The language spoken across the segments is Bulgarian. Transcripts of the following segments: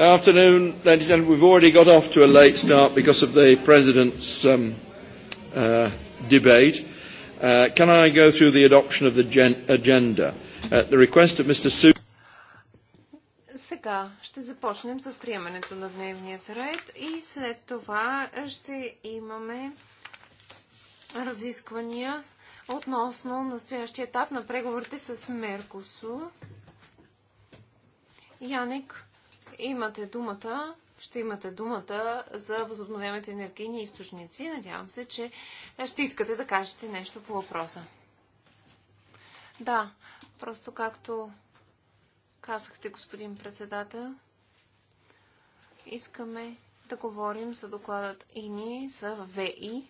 Afternoon, ladies and gentlemen. We've already got off to a late start because of the President's um, uh, debate. Uh, can I go through the adoption of the gen- agenda? At the request of Mr. Su- сега ще започнем с приемането на дневния ред и след това ще имаме разисквания относно настоящия етап на преговорите с Меркосу. Яник, имате думата, ще имате думата за възобновяемите енергийни източници. Надявам се, че ще искате да кажете нещо по въпроса. Да, просто както казахте, господин председател, искаме да говорим за докладът ИНИ, за ВИ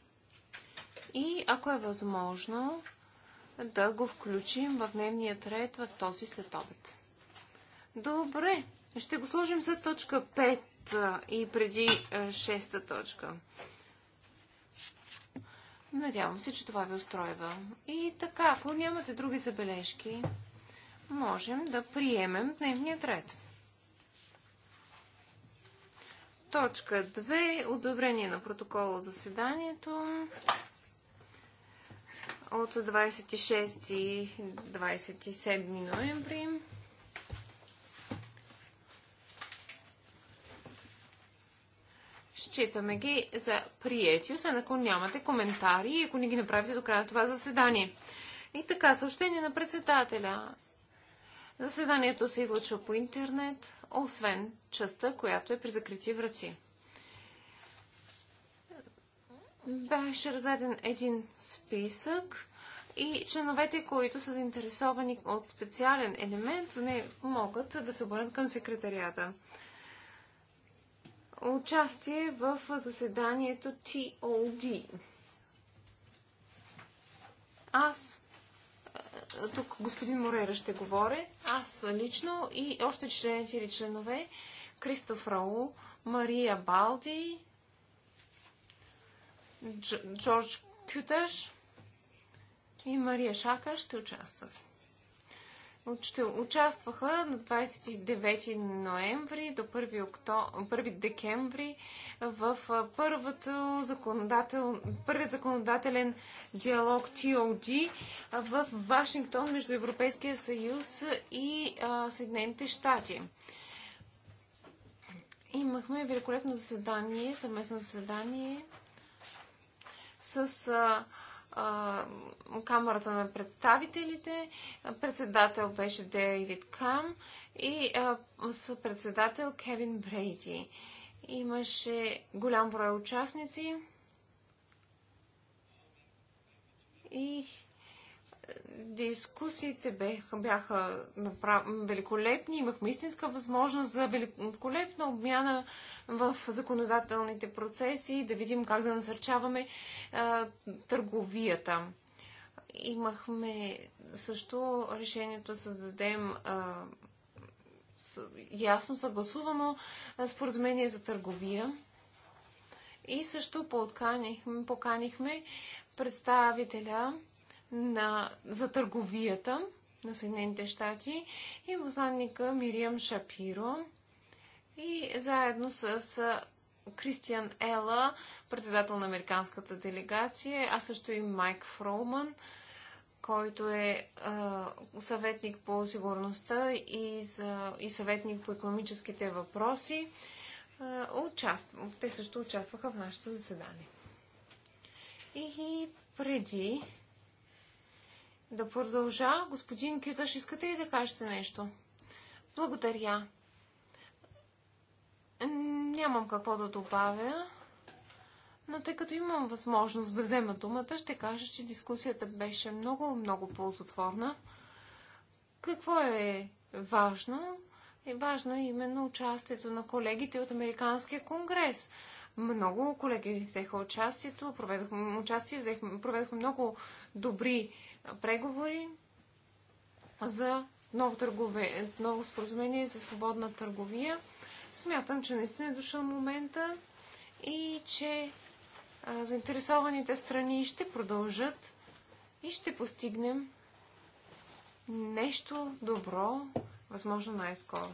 и ако е възможно да го включим в дневния ред в този следобед. Добре, ще го сложим след точка 5 и преди 6 точка. Надявам се, че това ви устройва. И така, ако нямате други забележки, можем да приемем дневният ред. Точка 2. Одобрение на протокол от заседанието от 26 и 27 ноември. Считаме ги за приети, освен ако нямате коментари и ако не ги направите до края на това заседание. И така, съобщение на председателя. Заседанието се излъчва по интернет, освен частта, която е при закрити врати. Беше раздаден един списък и членовете, които са заинтересовани от специален елемент, не могат да се обърнат към секретарията участие в заседанието TOD. Аз, е, тук господин Морера ще говоря, аз лично и още члените или членове, Кристоф Роу, Мария Балди, Джордж Кютеш и Мария Шака ще участват ще участваха на 29 ноември до 1, октом... 1 декември в първото законодател... първият законодателен диалог TOD в Вашингтон между Европейския съюз и Съединените щати. Имахме великолепно заседание, съвместно заседание с а, Камерата на представителите. Председател беше Дейвид Кам и съпредседател Кевин Брейди. Имаше голям брой участници и Дискусиите бяха, бяха направ... великолепни. Имахме истинска възможност за великолепна обмяна в законодателните процеси, да видим как да насърчаваме а, търговията. Имахме също решението да създадем а, с, ясно съгласувано споразумение за търговия. И също поканихме представителя на, за търговията на Съединените щати и посланника Мириам Шапиро и заедно с Кристиан Ела, председател на американската делегация, а също и Майк Фроуман, който е а, съветник по сигурността и, за, и съветник по економическите въпроси. А, участв... те също участваха в нашето заседание. И преди да продължа. Господин Кюташ, искате ли да кажете нещо? Благодаря. Нямам какво да добавя, но тъй като имам възможност да взема думата, ще кажа, че дискусията беше много, много ползотворна. Какво е важно? Е важно е именно участието на колегите от Американския конгрес. Много колеги взеха участието, проведохме, участие, взех, проведохме много добри преговори за ново, търгове, ново споразумение за свободна търговия. Смятам, че наистина е дошъл момента и че а, заинтересованите страни ще продължат и ще постигнем нещо добро, възможно най-скоро.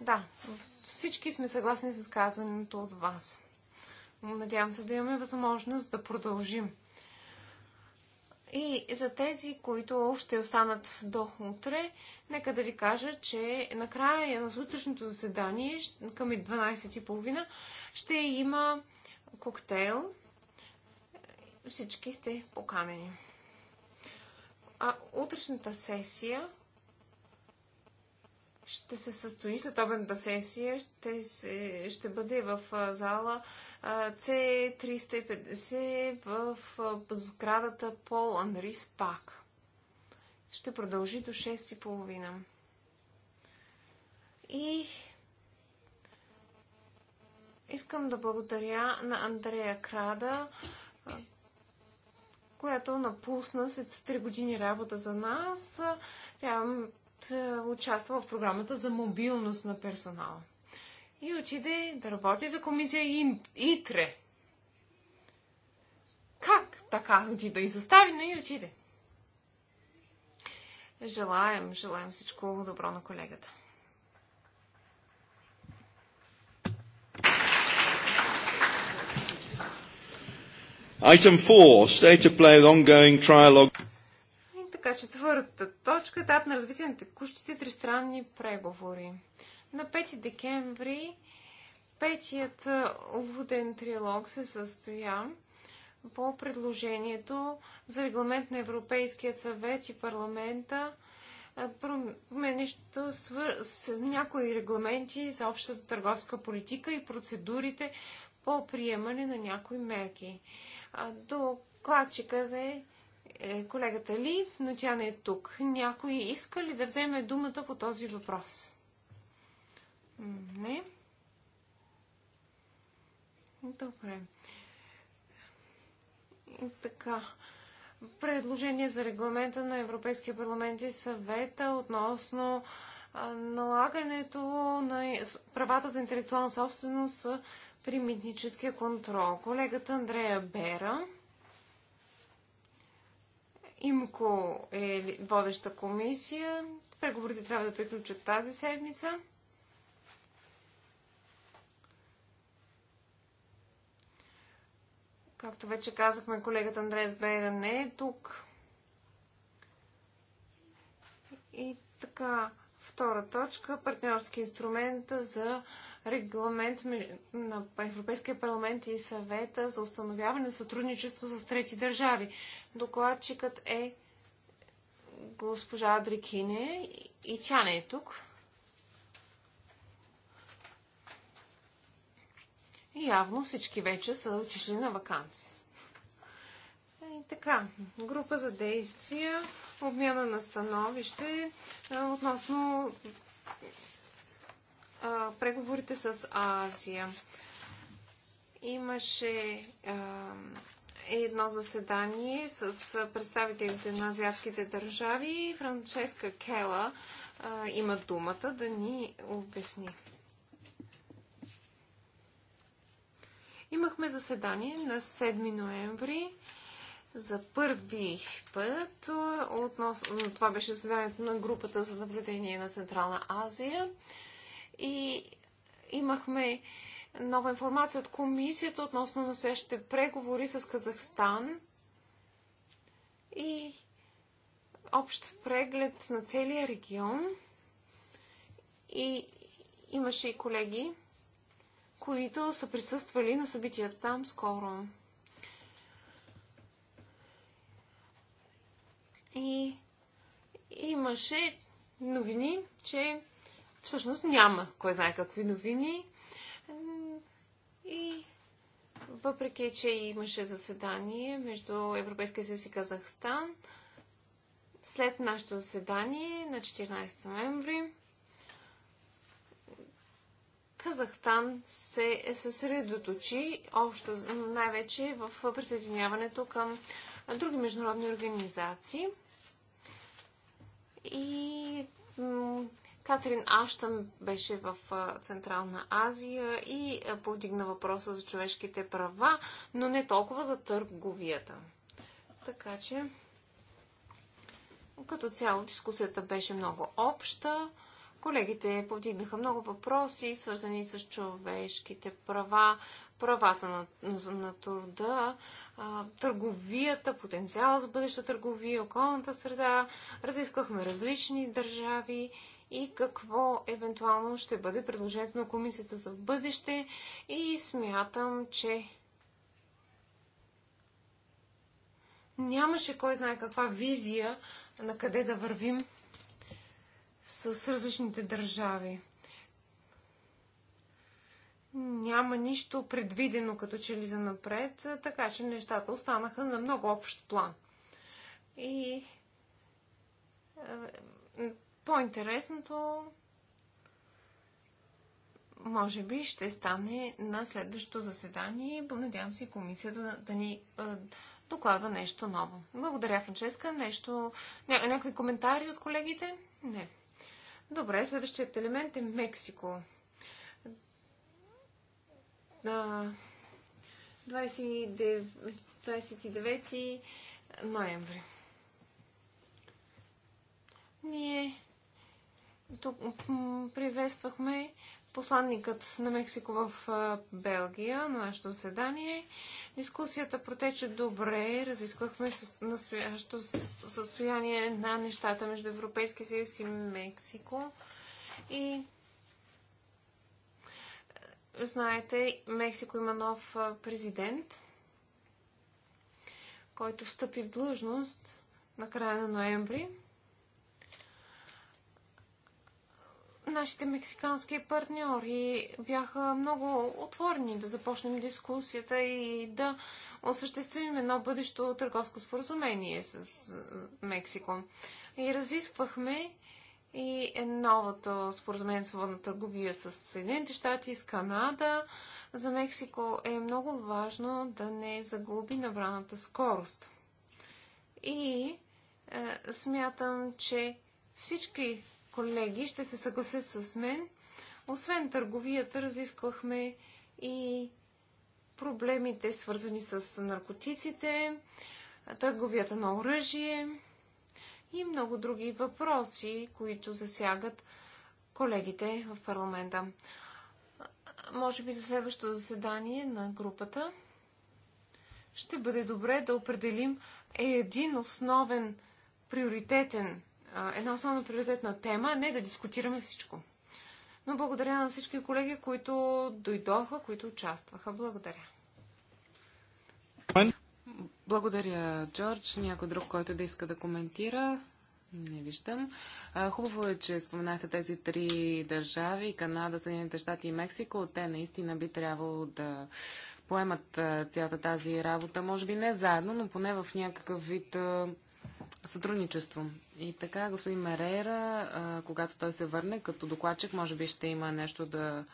Да, всички сме съгласни с казаното от вас. Надявам се да имаме възможност да продължим и за тези, които ще останат до утре, нека да ви кажа, че накрая на сутрешното заседание към 12.30 ще има коктейл. Всички сте поканени. А утрешната сесия ще се състои след обедната сесия, ще, се, ще бъде в зала C350 в сградата Пол Анрис пак. Ще продължи до 6.30. И искам да благодаря на Андрея Крада, която напусна след 3 години работа за нас. Тя участва в програмата за мобилност на персонала и отиде да работи за комисия ИТРЕ. Как така отиде? Да изостави, на и отиде. Желаем, желаем всичко добро на колегата. Item 4. State of play with ongoing trialogue. И така, четвъртата точка. Етап на развитие на текущите тристранни преговори. На 5 декември петият уводен трилог се състоя по предложението за регламент на Европейския съвет и парламента променещо свър... с някои регламенти за общата търговска политика и процедурите по приемане на някои мерки. Докладчикът е, е колегата Лив, но тя не е тук. Някой иска ли да вземе думата по този въпрос? Не. Добре. Така. Предложение за регламента на Европейския парламент и съвета относно налагането на правата за интелектуална собственост при митническия контрол. Колегата Андрея Бера. Имко е водеща комисия. Преговорите трябва да приключат тази седмица. Както вече казахме, колегата Андреас Бейра не е тук. И така, втора точка партньорски инструмент за регламент на Европейския парламент и съвета за установяване на сътрудничество с трети държави. Докладчикът е госпожа Адрикине и тя не е тук. И явно всички вече са отишли на вакансия. И така, група за действия, обмяна на становище относно преговорите с Азия. Имаше едно заседание с представителите на азиатските държави. Франческа Кела има думата да ни обясни. Имахме заседание на 7 ноември за първи път. Относно, това беше заседанието на групата за наблюдение на Централна Азия. И имахме нова информация от комисията относно настоящите преговори с Казахстан и общ преглед на целия регион. И имаше и колеги, които са присъствали на събитията там скоро. И имаше новини, че всъщност няма кой знае какви новини. И въпреки, че имаше заседание между Европейския съюз и Казахстан, след нашето заседание на 14 ноември Казахстан се е съсредоточи общо най-вече в присъединяването към други международни организации. И Катрин Аштън беше в Централна Азия и повдигна въпроса за човешките права, но не толкова за търговията. Така че, като цяло, дискусията беше много обща. Колегите повдигнаха много въпроси, свързани с човешките права, правата на, на, на труда, търговията, потенциала за бъдеща търговия, околната среда. Разисквахме различни държави и какво евентуално ще бъде предложението на комисията за бъдеще. И смятам, че нямаше кой знае каква визия на къде да вървим с различните държави. Няма нищо предвидено като че ли за напред, така че нещата останаха на много общ план. И е, по-интересното може би ще стане на следващото заседание. Надявам се комисията да, да ни е, доклада нещо ново. Благодаря, Франческа. Нещо... Ня... Някои коментари от колегите? Не. Добре, следващият елемент е Мексико. 29, 29 ноември. Ние тук приветствахме посланникът на Мексико в Белгия на нашето заседание. Дискусията протече добре. Разисквахме настоящото състояние на нещата между Европейския съюз и Мексико. И знаете, Мексико има нов президент, който встъпи в длъжност на края на ноември. нашите мексикански партньори бяха много отворени да започнем дискусията и да осъществим едно бъдещо търговско споразумение с Мексико. И разисквахме и новото споразумение за свободна търговия с Съединените щати, с Канада. За Мексико е много важно да не загуби набраната скорост. И е, смятам, че всички колеги ще се съгласят с мен. Освен търговията, разисквахме и проблемите, свързани с наркотиците, търговията на оръжие и много други въпроси, които засягат колегите в парламента. Може би за следващото заседание на групата ще бъде добре да определим един основен приоритетен една основна приоритетна тема, не да дискутираме всичко. Но благодаря на всички колеги, които дойдоха, които участваха. Благодаря. Благодаря, Джордж. Някой друг, който да иска да коментира? Не виждам. Хубаво е, че споменахте тези три държави Канада, Съединените щати и Мексико. Те наистина би трябвало да поемат цялата тази работа. Може би не заедно, но поне в някакъв вид сътрудничество. И така, господин Мерера, когато той се върне като докладчик, може би ще има нещо да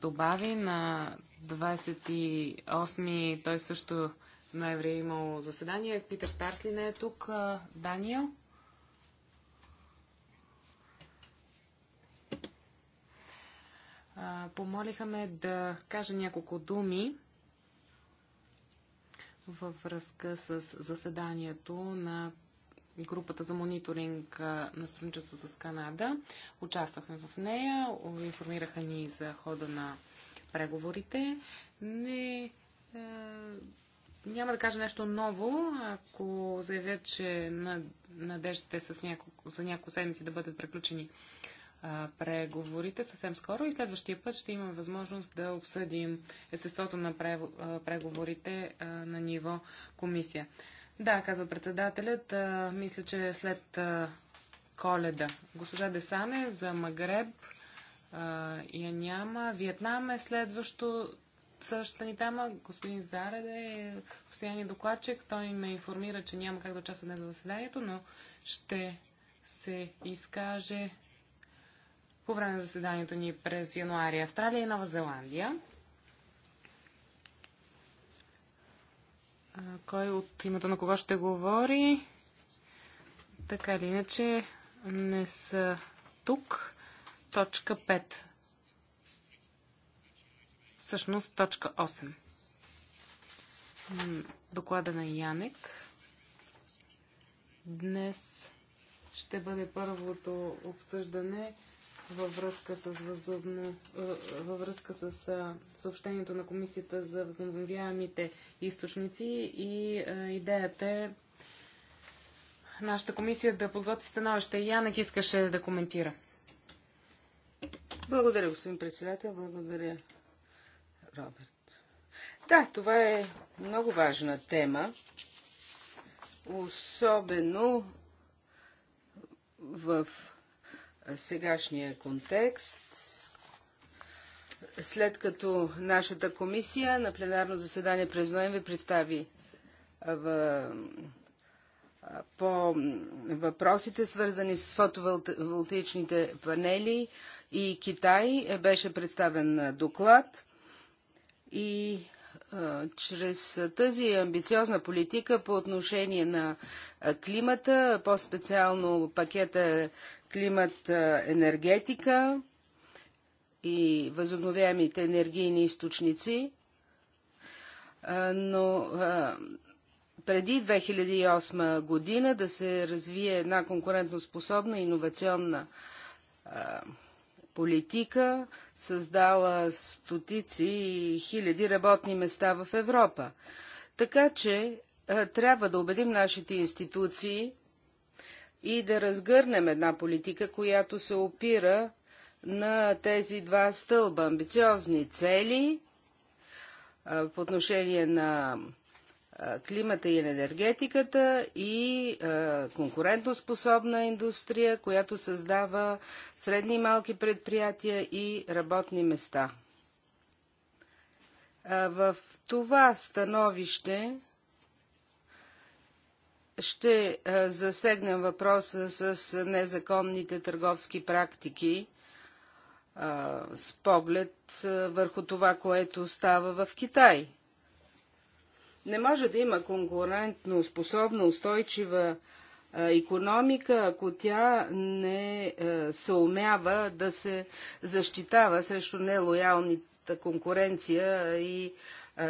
добави. На 28 той също ноември е имал заседание. Питър Старсли не е тук. Даниел? помолиха ме да кажа няколко думи във връзка с заседанието на групата за мониторинг на сътрудничеството с Канада. Участвахме в нея, информираха ни за хода на преговорите. Не, е, няма да кажа нещо ново, ако заявя, че надеждате с няколко, за няколко седмици да бъдат приключени преговорите съвсем скоро и следващия път ще имаме възможност да обсъдим естеството на преговорите на ниво комисия. Да, казва председателят. А, мисля, че е след а, коледа. Госпожа Десане за Магреб а, я няма. Виетнам е следващо същата ни тема. Господин Зареде е постоянен докладчик. Той ме информира, че няма как да участва днес в заседанието, но ще се изкаже по време на заседанието ни през януари Австралия и Нова Зеландия. кой от името на кого ще говори. Така или иначе не са тук. Точка 5. Всъщност точка 8. Доклада на Янек. Днес ще бъде първото обсъждане във връзка с, възобно, е, във връзка с е, съобщението на Комисията за възобновяемите източници и е, идеята е нашата комисия да подготви становище. Янък искаше да коментира. Благодаря, господин председател. Благодаря, Роберт. Да, това е много важна тема. Особено в сегашния контекст, след като нашата комисия на пленарно заседание през ноември представи в, по въпросите, свързани с фотоволтаичните панели и Китай, е, беше представен доклад и чрез тази амбициозна политика по отношение на климата, по-специално пакета климат, енергетика и възобновяемите енергийни източници. Но преди 2008 година да се развие една конкурентоспособна иновационна политика, създала стотици и хиляди работни места в Европа. Така че трябва да убедим нашите институции, и да разгърнем една политика, която се опира на тези два стълба. Амбициозни цели по отношение на климата и енергетиката и конкурентоспособна индустрия, която създава средни и малки предприятия и работни места. В това становище ще е, засегнем въпроса с незаконните търговски практики е, с поглед е, върху това, което става в Китай. Не може да има конкурентно способна, устойчива економика, ако тя не се умява да се защитава срещу нелоялната конкуренция и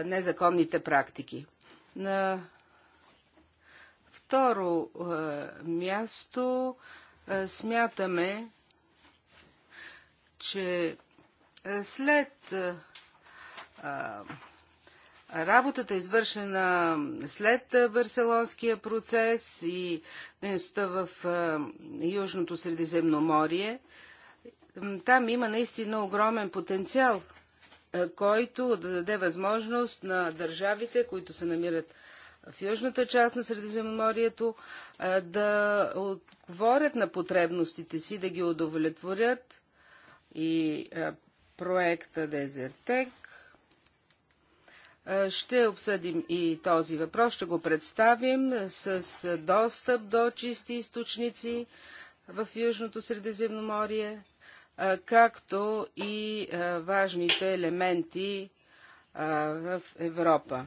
незаконните практики. На второ е, място е, смятаме, че е, след работата, извършена след Барселонския процес и дейността в Южното Средиземноморие, там има наистина огромен потенциал, който да даде възможност на държавите, които се намират в южната част на Средиземноморието да отговорят на потребностите си, да ги удовлетворят и проекта Дезертек. Ще обсъдим и този въпрос, ще го представим с достъп до чисти източници в Южното Средиземноморие, както и важните елементи в Европа.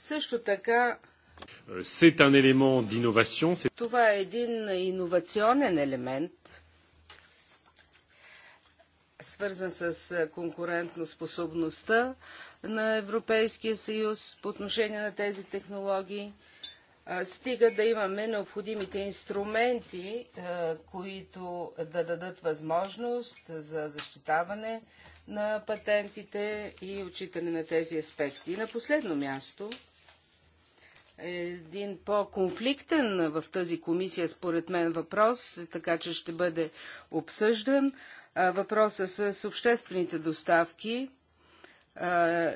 Също така euh, това е един иновационен елемент, свързан с конкурентноспособността на Европейския съюз по отношение на тези технологии. Стига да имаме необходимите инструменти, които да дадат възможност за защитаване на патентите и отчитане на тези аспекти. И на последно място – един по-конфликтен в тази комисия, според мен, въпрос, така че ще бъде обсъждан. Въпроса с обществените доставки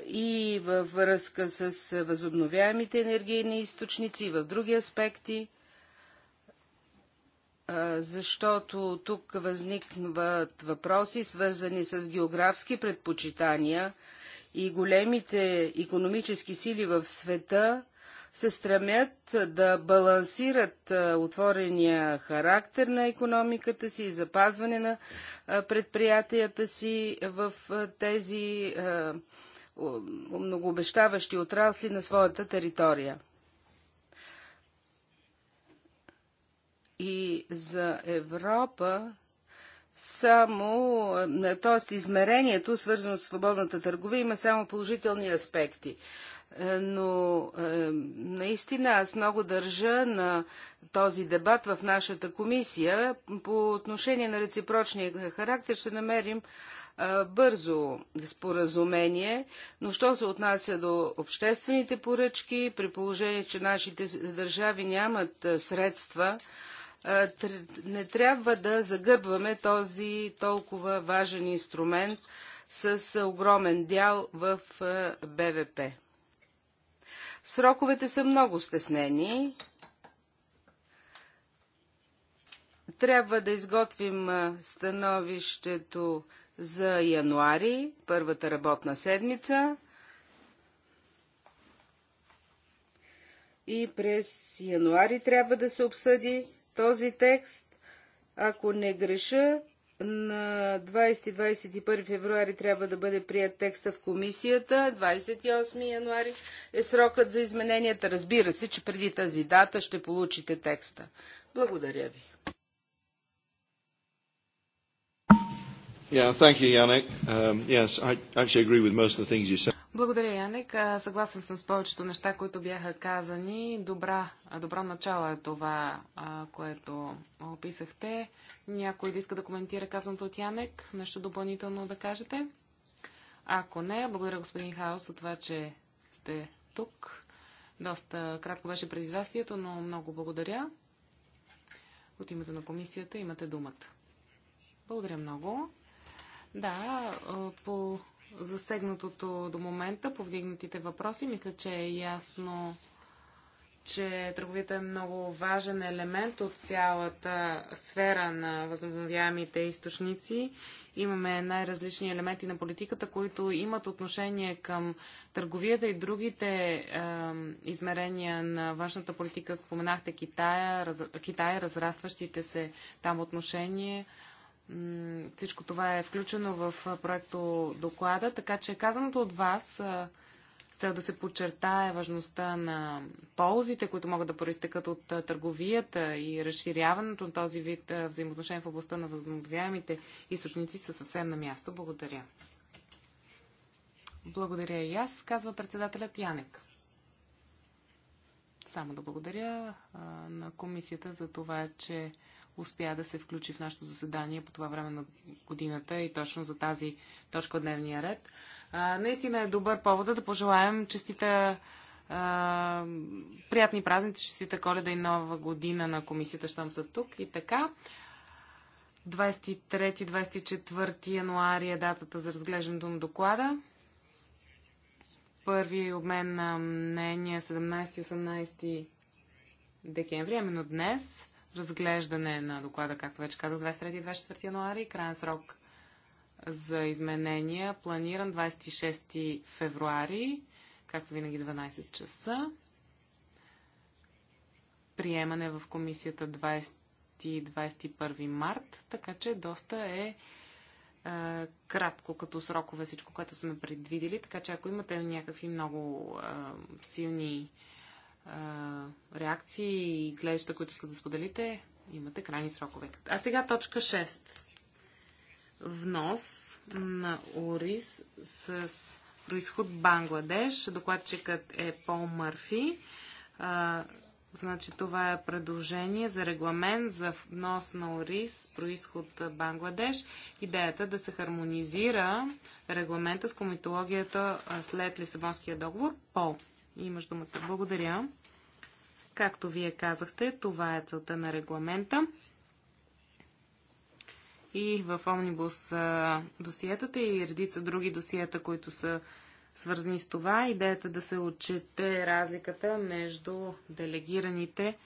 и във връзка с възобновяемите енергийни източници и в други аспекти, защото тук възникват въпроси, свързани с географски предпочитания и големите економически сили в света се стремят да балансират отворения характер на економиката си и запазване на предприятията си в тези многообещаващи отрасли на своята територия. И за Европа само, т.е. измерението, свързано с свободната търговия, има само положителни аспекти. Е, но е, наистина аз много държа на този дебат в нашата комисия. По отношение на реципрочния характер ще намерим е, бързо споразумение, но що се отнася до обществените поръчки, при положение, че нашите държави нямат средства, не трябва да загърбваме този толкова важен инструмент с огромен дял в БВП. Сроковете са много стеснени. Трябва да изготвим становището за януари, първата работна седмица. И през януари трябва да се обсъди този текст. Ако не греша, на 20-21 февруари трябва да бъде прият текста в комисията. 28 януари е срокът за измененията. Разбира се, че преди тази дата ще получите текста. Благодаря ви. Yeah, thank you, Yannick. Um, yes, I actually agree with most of the things you said. Благодаря, Яник. Съгласен съм с повечето неща, които бяха казани. Добра, добро начало е това, което описахте. Някой да иска да коментира казаното от Янек? Нещо допълнително да кажете? Ако не, благодаря господин Хаос, от това, че сте тук. Доста кратко беше предизвестието, но много благодаря. От името на комисията имате думата. Благодаря много. Да, по засегнатото до момента, повдигнатите въпроси. Мисля, че е ясно, че търговията е много важен елемент от цялата сфера на възобновяемите източници. Имаме най-различни елементи на политиката, които имат отношение към търговията и другите е, измерения на външната политика. Споменахте Китая, раз, Китая разрастващите се там отношения всичко това е включено в проекто доклада, така че казаното от вас цел да се подчертае важността на ползите, които могат да проистекат от търговията и разширяването на този вид взаимоотношения в областта на възобновяемите източници са съвсем на място. Благодаря. Благодаря и аз, казва председателят Янек. Само да благодаря а, на комисията за това, че успя да се включи в нашето заседание по това време на годината и точно за тази точка от дневния ред. А, наистина е добър повод да пожелаем честита а, приятни празници, честита коледа и нова година на комисията, щом са тук и така. 23-24 януари е датата за разглеждането на доклада. Първи обмен на мнение 17-18 декември, именно днес разглеждане на доклада, както вече казах, 23 и 24 януари. Крайен срок за изменения планиран 26 февруари, както винаги 12 часа. Приемане в комисията 20 21 март, така че доста е, е кратко като срокове всичко, което сме предвидели, така че ако имате някакви много е, силни реакции и гледаща, които искат да споделите, имате крайни срокове. А сега точка 6. Внос на ориз с происход Бангладеш. Докладчикът е Пол Мърфи. А, значи това е предложение за регламент за внос на ориз происход Бангладеш. Идеята е да се хармонизира регламента с комитологията след Лисабонския договор. Пол. Имаш думата. Благодаря. Както вие казахте, това е целта на регламента. И в Омнибус досиетата и редица други досиета, които са свързани с това, идеята да се отчете разликата между делегираните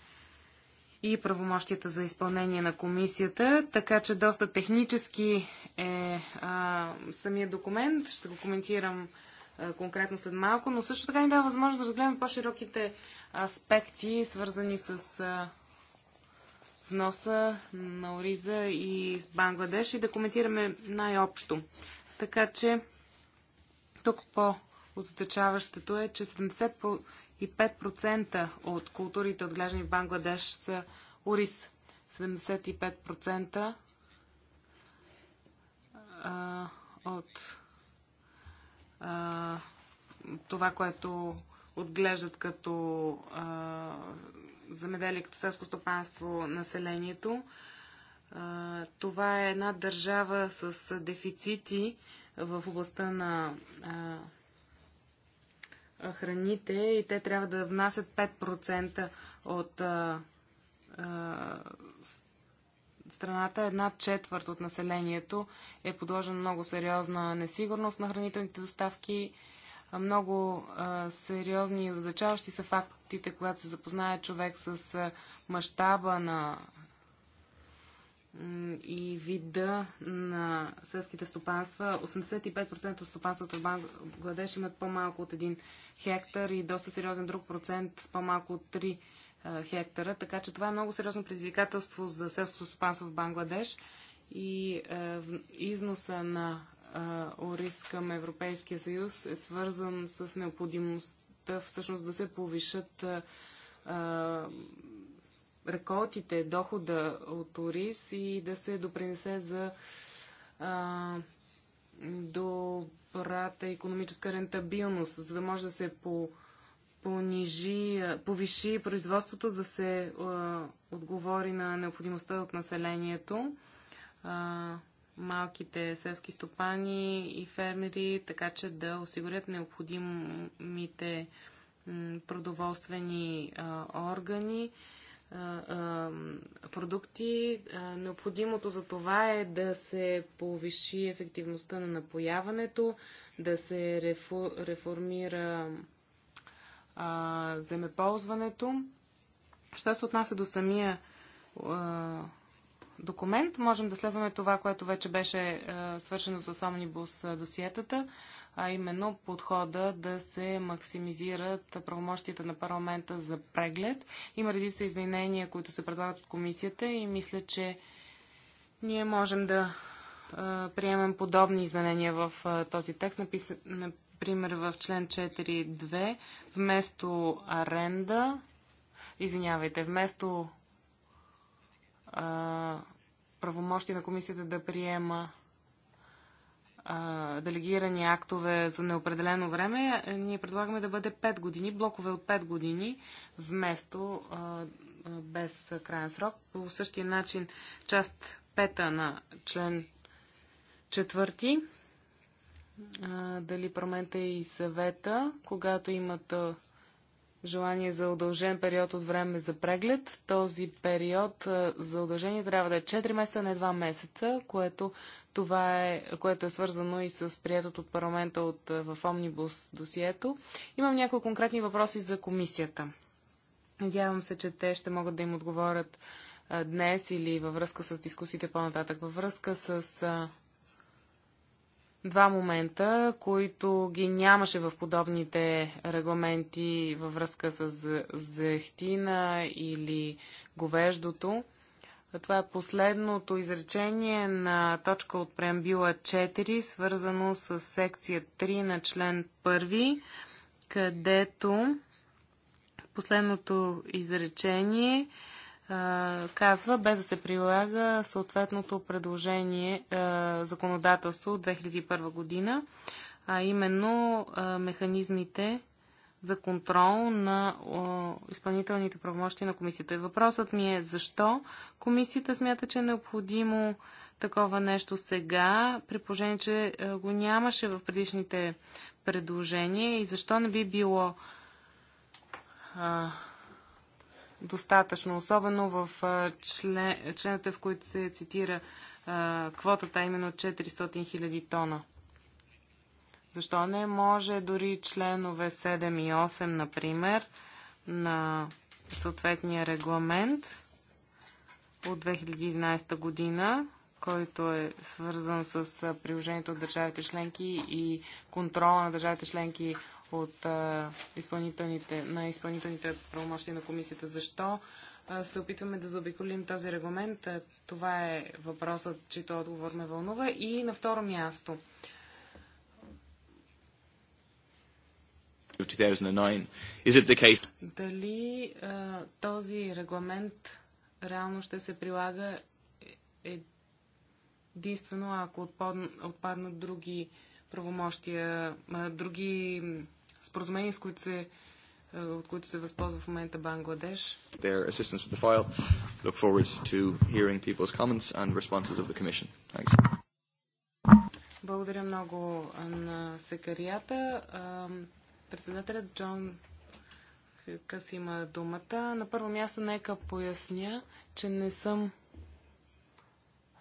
и правомощията за изпълнение на комисията, така че доста технически е а, самия документ. Ще го коментирам конкретно след малко, но също така ни дава възможност да разгледаме по-широките аспекти, свързани с вноса на Ориза и с Бангладеш и да коментираме най-общо. Така че тук по-озадачаващото е, че 75% от културите отглеждани в Бангладеш са ориз. 75% от това, което отглеждат като а, замеделие, като селско стопанство населението. А, това е една държава с дефицити в областта на а, храните и те трябва да внасят 5% от а, страната една четвърт от населението е подложено много сериозна несигурност на хранителните доставки. Много а, сериозни и озадачаващи са фактите, когато се запознае човек с а, мащаба на и вида на селските стопанства. 85% от стопанствата в Бангладеш имат по-малко от 1 хектар и доста сериозен друг процент по-малко от 3 хектара. Така че това е много сериозно предизвикателство за селското стопанство в Бангладеш и износа на е, ориз към Европейския съюз е свързан с необходимостта всъщност да се повишат е, реколтите, дохода от ориз и да се допринесе за добрата економическа рентабилност, за да може да се по понижи, повиши производството, за да се отговори на необходимостта от населението. малките селски стопани и фермери, така че да осигурят необходимите продоволствени органи, продукти. необходимото за това е да се повиши ефективността на напояването, да се реформира земеползването. Що се отнася до самия а, документ, можем да следваме това, което вече беше а, свършено с Омнибус досиетата, а именно подхода да се максимизират правомощията на парламента за преглед. Има редица изменения, които се предлагат от комисията и мисля, че ние можем да приемем подобни изменения в този текст, написан, Пример, в член 4.2 вместо аренда, извинявайте, вместо а, правомощи на комисията да приема а, делегирани актове за неопределено време, е, ние предлагаме да бъде 5 години, блокове от 5 години, вместо а, без крайен срок. По същия начин част 5 на член 4 а, дали парламента и съвета, когато имат а, желание за удължен период от време за преглед, този период а, за удължение трябва да е 4 месеца, не 2 месеца, което, това е, което е свързано и с приятото от парламента от, в Омнибус досието. Имам някои конкретни въпроси за комисията. Надявам се, че те ще могат да им отговорят днес или във връзка с дискусиите по-нататък. Във връзка с два момента, които ги нямаше в подобните регламенти във връзка с зехтина или говеждото. Това е последното изречение на точка от преамбила 4, свързано с секция 3 на член 1, където последното изречение казва, без да се прилага съответното предложение законодателство от 2001 година, а именно механизмите за контрол на изпълнителните правомощи на комисията. Въпросът ми е защо комисията смята, че е необходимо такова нещо сега, при положение, че го нямаше в предишните предложения и защо не би било достатъчно, особено в члената, в които се цитира квотата, именно 400 000 тона. Защо не може дори членове 7 и 8, например, на съответния регламент от 2011 година, който е свързан с приложението от държавите членки и контрола на държавите членки от а, изпълнителните, на изпълнителните правомощи на комисията. Защо а, се опитваме да заобиколим този регламент? А, това е въпросът, чийто отговор ме вълнува. И на второ място. Дали а, този регламент реално ще се прилага е, единствено ако отпаднат други правомощия, други споразумения, с които се е, от които се възползва в момента Бангладеш. Their assistance with the file. Look forward to hearing people's comments and responses of the Commission. Thanks. Благодаря много на секарията. Председателят Джон Къс има думата. На първо място нека поясня, че не съм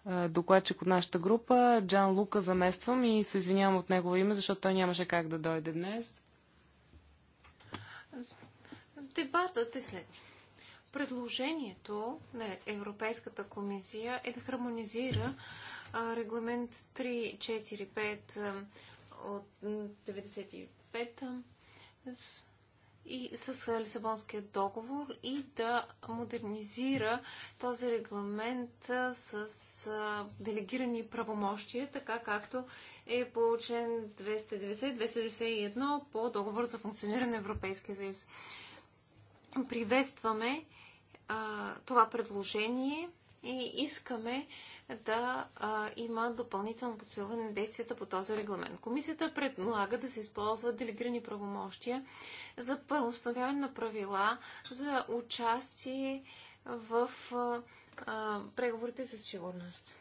е, докладчик от нашата група. Джан Лука замествам и се извинявам от негово име, защото той нямаше как да дойде днес. Дебатът е след. Предложението на Европейската комисия е да хармонизира а, регламент 345 от 95 с, и с Лисабонския договор и да модернизира този регламент а, с а, делегирани правомощия, така както е по член 290-291 по договор за функциониране на Европейския съюз приветстваме а, това предложение и искаме да а, има допълнително подсилване на действията по този регламент. Комисията предлага да се използват делегирани правомощия за установяване на правила за участие в а, а, преговорите за сигурност.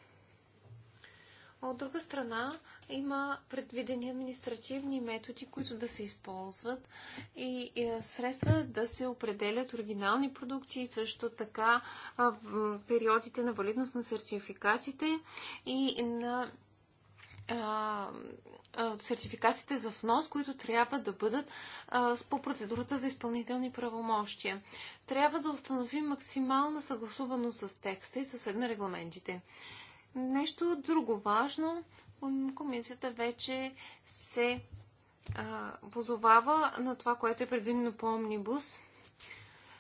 От друга страна, има предвидени административни методи, които да се използват и е, средства да се определят оригинални продукти и също така периодите на валидност на сертификатите и на сертификатите за внос, които трябва да бъдат а, по процедурата за изпълнителни правомощия. Трябва да установим максимална съгласуваност с текста и с регламентите. Нещо друго важно комисията вече се позовава на това, което е предвидено по омнибус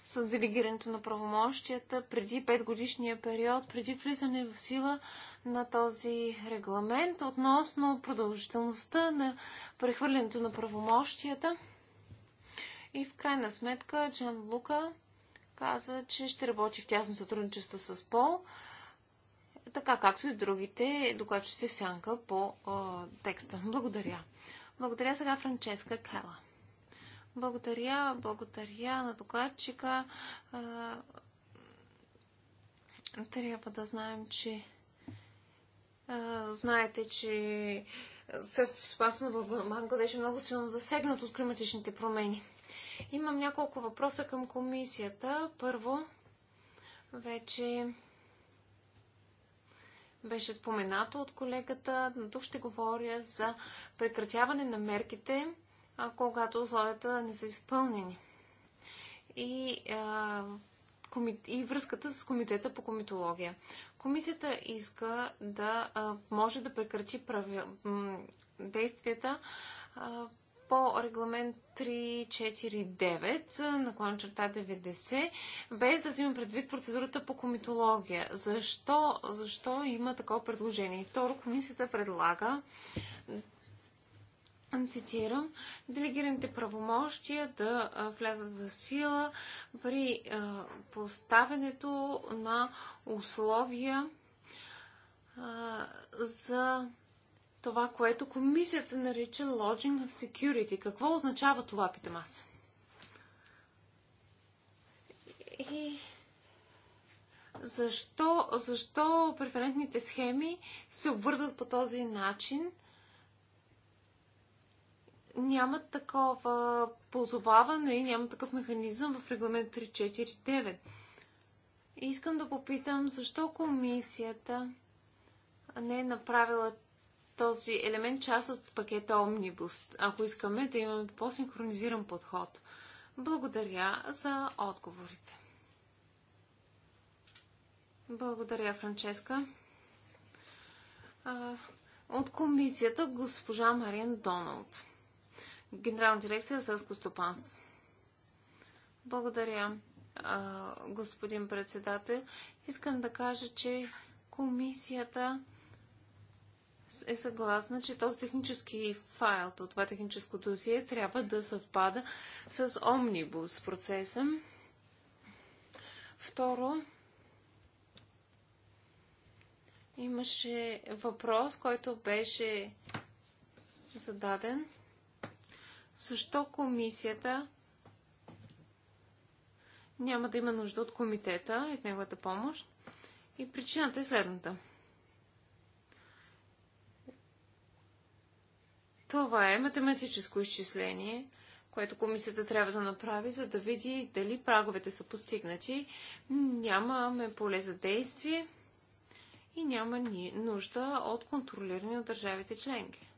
с делегирането на правомощията преди 5 годишния период, преди влизане в сила на този регламент относно продължителността на прехвърлянето на правомощията. И в крайна сметка Джан Лука каза, че ще работи в тясно сътрудничество с Пол, така както и другите докладчици се сянка по а, текста. Благодаря. Благодаря сега Франческа Кела. Благодаря, благодаря на докладчика. А, трябва да знаем, че а, знаете, че Селското спасно на Бангладеш е много силно засегнат от климатичните промени. Имам няколко въпроса към комисията. Първо, вече беше споменато от колегата, но тук ще говоря за прекратяване на мерките, когато условията не са изпълнени. И, а, коми... и връзката с комитета по комитология. Комисията иска да а, може да прекрати прави... действията а, по регламент 349 на черта 90, без да взимам предвид процедурата по комитология. Защо, защо има такова предложение? Второ, комисията предлага цитирам, делегираните правомощия да влязат в сила при поставянето на условия за това, което комисията нарича Lodging of Security. Какво означава това, питам аз? И защо, защо преферентните схеми се обвързват по този начин? Няма такова ползоваване и няма такъв механизъм в регламент 349. И искам да попитам, защо комисията не е направила този елемент част от пакета Омнибус, ако искаме да имаме по-синхронизиран подход. Благодаря за отговорите. Благодаря, Франческа. От комисията госпожа Мариан Доналд, генерална дирекция Сълско стопанство. Благодаря, господин председател. Искам да кажа, че комисията е съгласна, че този технически файл, това техническо досие трябва да съвпада с омнибус процеса. Второ, имаше въпрос, който беше зададен. Защо комисията няма да има нужда от комитета и от неговата помощ? И причината е следната – Това е математическо изчисление, което комисията трябва да направи, за да види дали праговете са постигнати. Нямаме поле за действие и няма ни нужда от контролиране от държавите членки.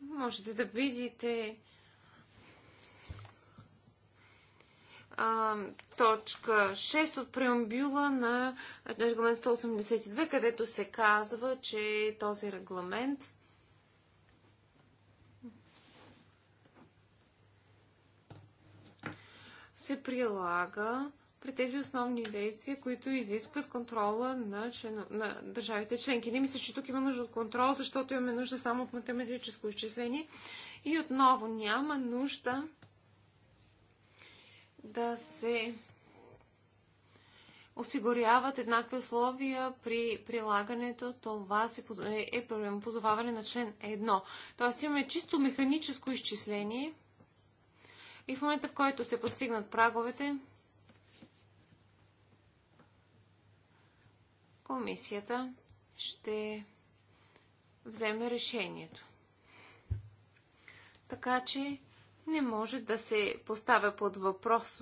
Можете да видите точка 6 от преамбюла на регламент 182, където се казва, че този регламент се прилага при тези основни действия, които изискват контрола на, член... на държавите членки. Не мисля, че тук има нужда от контрол, защото имаме нужда само от математическо изчисление. И отново няма нужда да се осигуряват еднакви условия при прилагането, това се е, е позоваване на член 1. Тоест имаме чисто механическо изчисление и в момента, в който се постигнат праговете, комисията ще вземе решението. Така че не може да се поставя под въпрос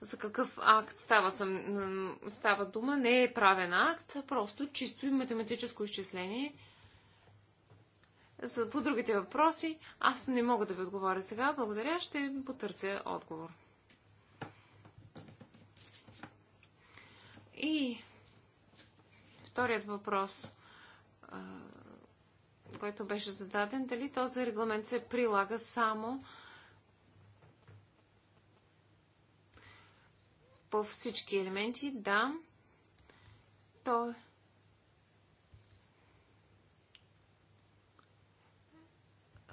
за, какъв акт става, съм, става дума. Не е правен акт, а просто чисто и математическо изчисление. За, по другите въпроси аз не мога да ви отговоря сега. Благодаря, ще потърся отговор. И вторият въпрос, който беше зададен, дали този регламент се прилага само по всички елементи, да, то е.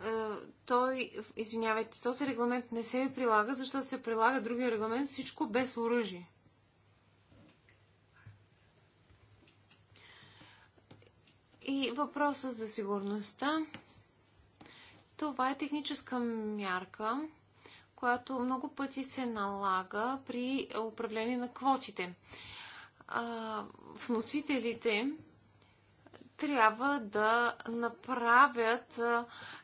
Е, той, извинявайте, този регламент не се прилага, защото се прилага другия регламент всичко без оръжие. И въпросът за сигурността. Това е техническа мярка, която много пъти се налага при управление на квотите. А, вносителите трябва да направят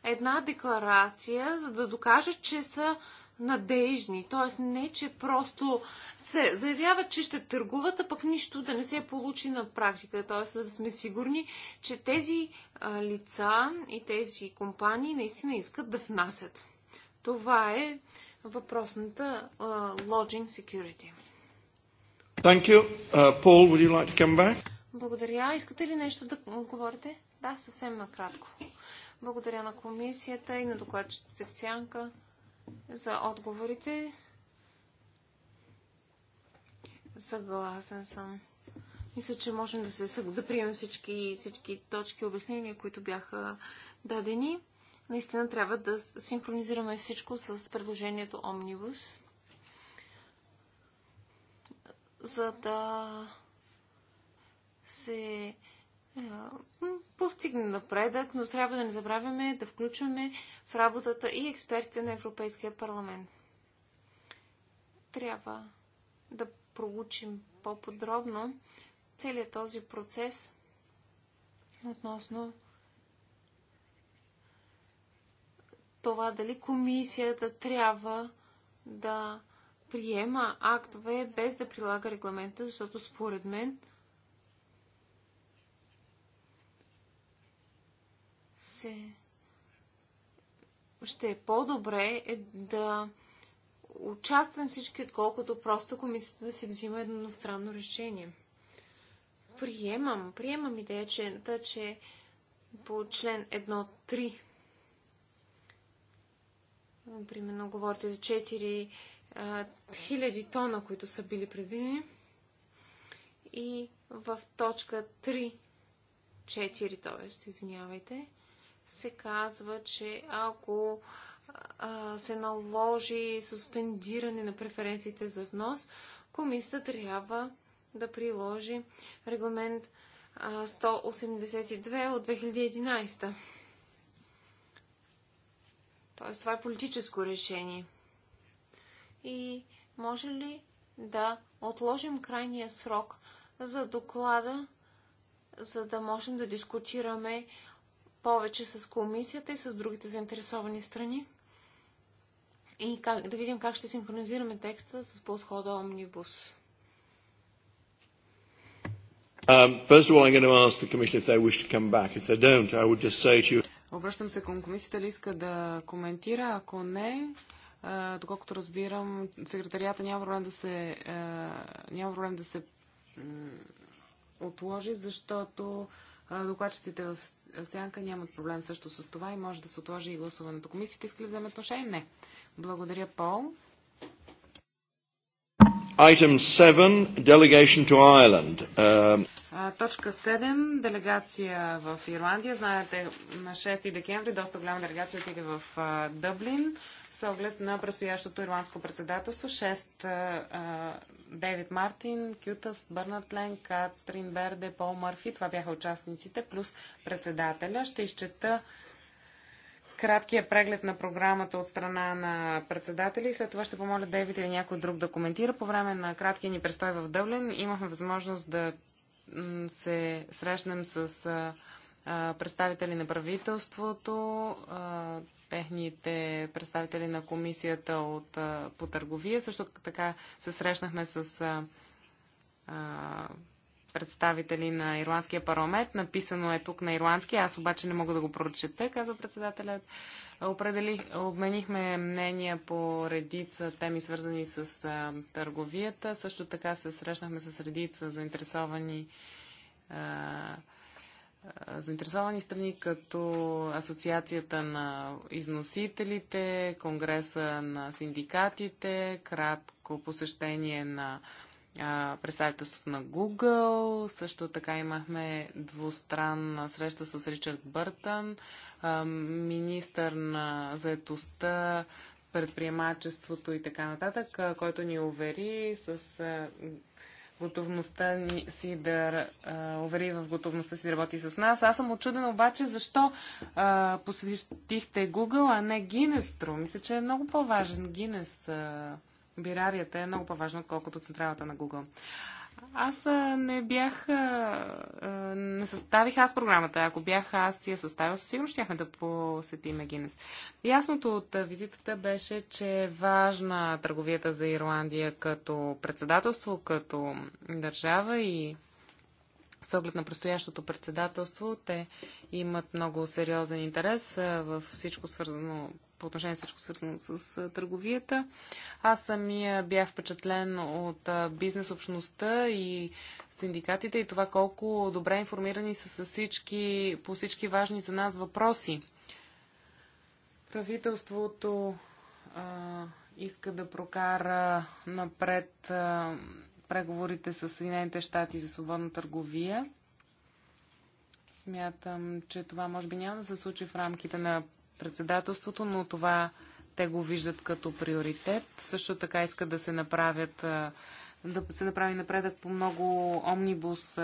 една декларация, за да докажат, че са надежни. Т.е. не, че просто се заявяват, че ще търгуват, а пък нищо да не се получи на практика. Т.е. да сме сигурни, че тези лица и тези компании наистина искат да внасят. Това е въпросната uh, Lodging Security. Thank you. Uh, Paul, would you like to come back? Благодаря. Искате ли нещо да говорите? Да, съвсем накратко. Благодаря на комисията и на докладчиците в Сянка за отговорите. Съгласен съм. Мисля, че можем да, се, да приемем всички, всички точки обяснения, които бяха дадени. Наистина трябва да синхронизираме всичко с предложението Omnibus, за да се е, постигне напредък, но трябва да не забравяме да включваме в работата и експертите на Европейския парламент. Трябва да проучим по-подробно целият този процес относно това дали комисията трябва да приема актове без да прилага регламента, защото според мен се... ще е по-добре е да участвам всички, отколкото просто комисията да се взима едностранно решение. Приемам, приемам идеята, че по член 1.3 Примерно говорите за 4 тона, които са били предвидени. И в точка 3, 4, т.е. извинявайте, се казва, че ако се наложи суспендиране на преференциите за внос, комисията трябва да приложи регламент 182 от 2011. Тоест, това е политическо решение. И може ли да отложим крайния срок за доклада, за да можем да дискутираме повече с комисията и с другите заинтересовани страни? И как, да видим как ще синхронизираме текста с подхода Омнибус. Um, first of all, I'm going to ask the Commission if they wish to come back. If they don't, I would just say to you... Обръщам се към комисията ли иска да коментира. Ако не, доколкото разбирам, секретарията няма проблем да се, няма проблем да се отложи, защото докладчетите в сянка нямат проблем също с това и може да се отложи и гласуването. Комисията иска ли да вземе отношение? Не. Благодаря, Пол. Item 7, delegation to Ireland. Um, Точка 7, делегация в Ирландия. Знаете, на 6 декември доста голяма делегация отиде в Дъблин с оглед на предстоящото ирландско председателство. 6, Дейвид Мартин, Кютас, Бърнат Лен, Катрин Берде, Пол Мърфи, това бяха участниците, плюс председателя. Ще изчета краткия преглед на програмата от страна на председатели. След това ще помоля Дейвид или някой друг да коментира. По време на краткия ни престой в Дъблин имахме възможност да се срещнем с представители на правителството, техните представители на комисията от, по търговия. Също така се срещнахме с представители на Ирландския парламент. Написано е тук на ирландски, аз обаче не мога да го прочета, казва председателят. Определи, обменихме мнения по редица теми, свързани с а, търговията. Също така се срещнахме с редица заинтересовани а, заинтересовани страни, като Асоциацията на износителите, Конгреса на синдикатите, кратко посещение на представителството на Google. Също така имахме двустранна среща с Ричард Бъртън, министър на заетостта, предприемачеството и така нататък, който ни увери с готовността си да увери в готовността си да работи с нас. Аз съм очуден обаче защо посетихте Google, а не Гинес Мисля, че е много по-важен Гинес бирарията е много по-важна, отколкото централата на Google. Аз не бях. Не съставих аз програмата. Ако бях аз си я съставил, със сигурност щяхме да посетим Гинес. Ясното от визитата беше, че е важна търговията за Ирландия като председателство, като държава и с оглед на предстоящото председателство, те имат много сериозен интерес в всичко свързано, по отношение на всичко свързано с търговията. Аз самия бях впечатлен от бизнес общността и синдикатите и това колко добре информирани са с всички, по всички важни за нас въпроси. Правителството а, иска да прокара напред а, преговорите с Съединените щати за свободна търговия. Смятам, че това може би няма да се случи в рамките на председателството, но това те го виждат като приоритет. Също така искат да се направят да се направи напредък по много омнибус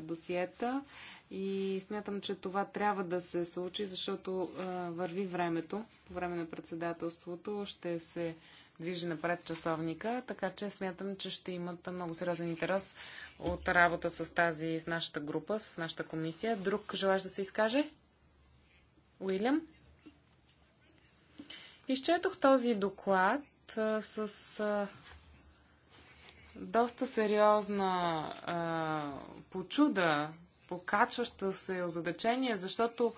досиета и смятам, че това трябва да се случи, защото а, върви времето. По време на председателството ще се движи напред часовника, така че смятам, че ще имат много сериозен интерес от работа с тази, с нашата група, с нашата комисия. Друг желаш да се изкаже? Уилям? Изчетох този доклад а, с а, доста сериозна а, почуда, покачващо се озадачение, защото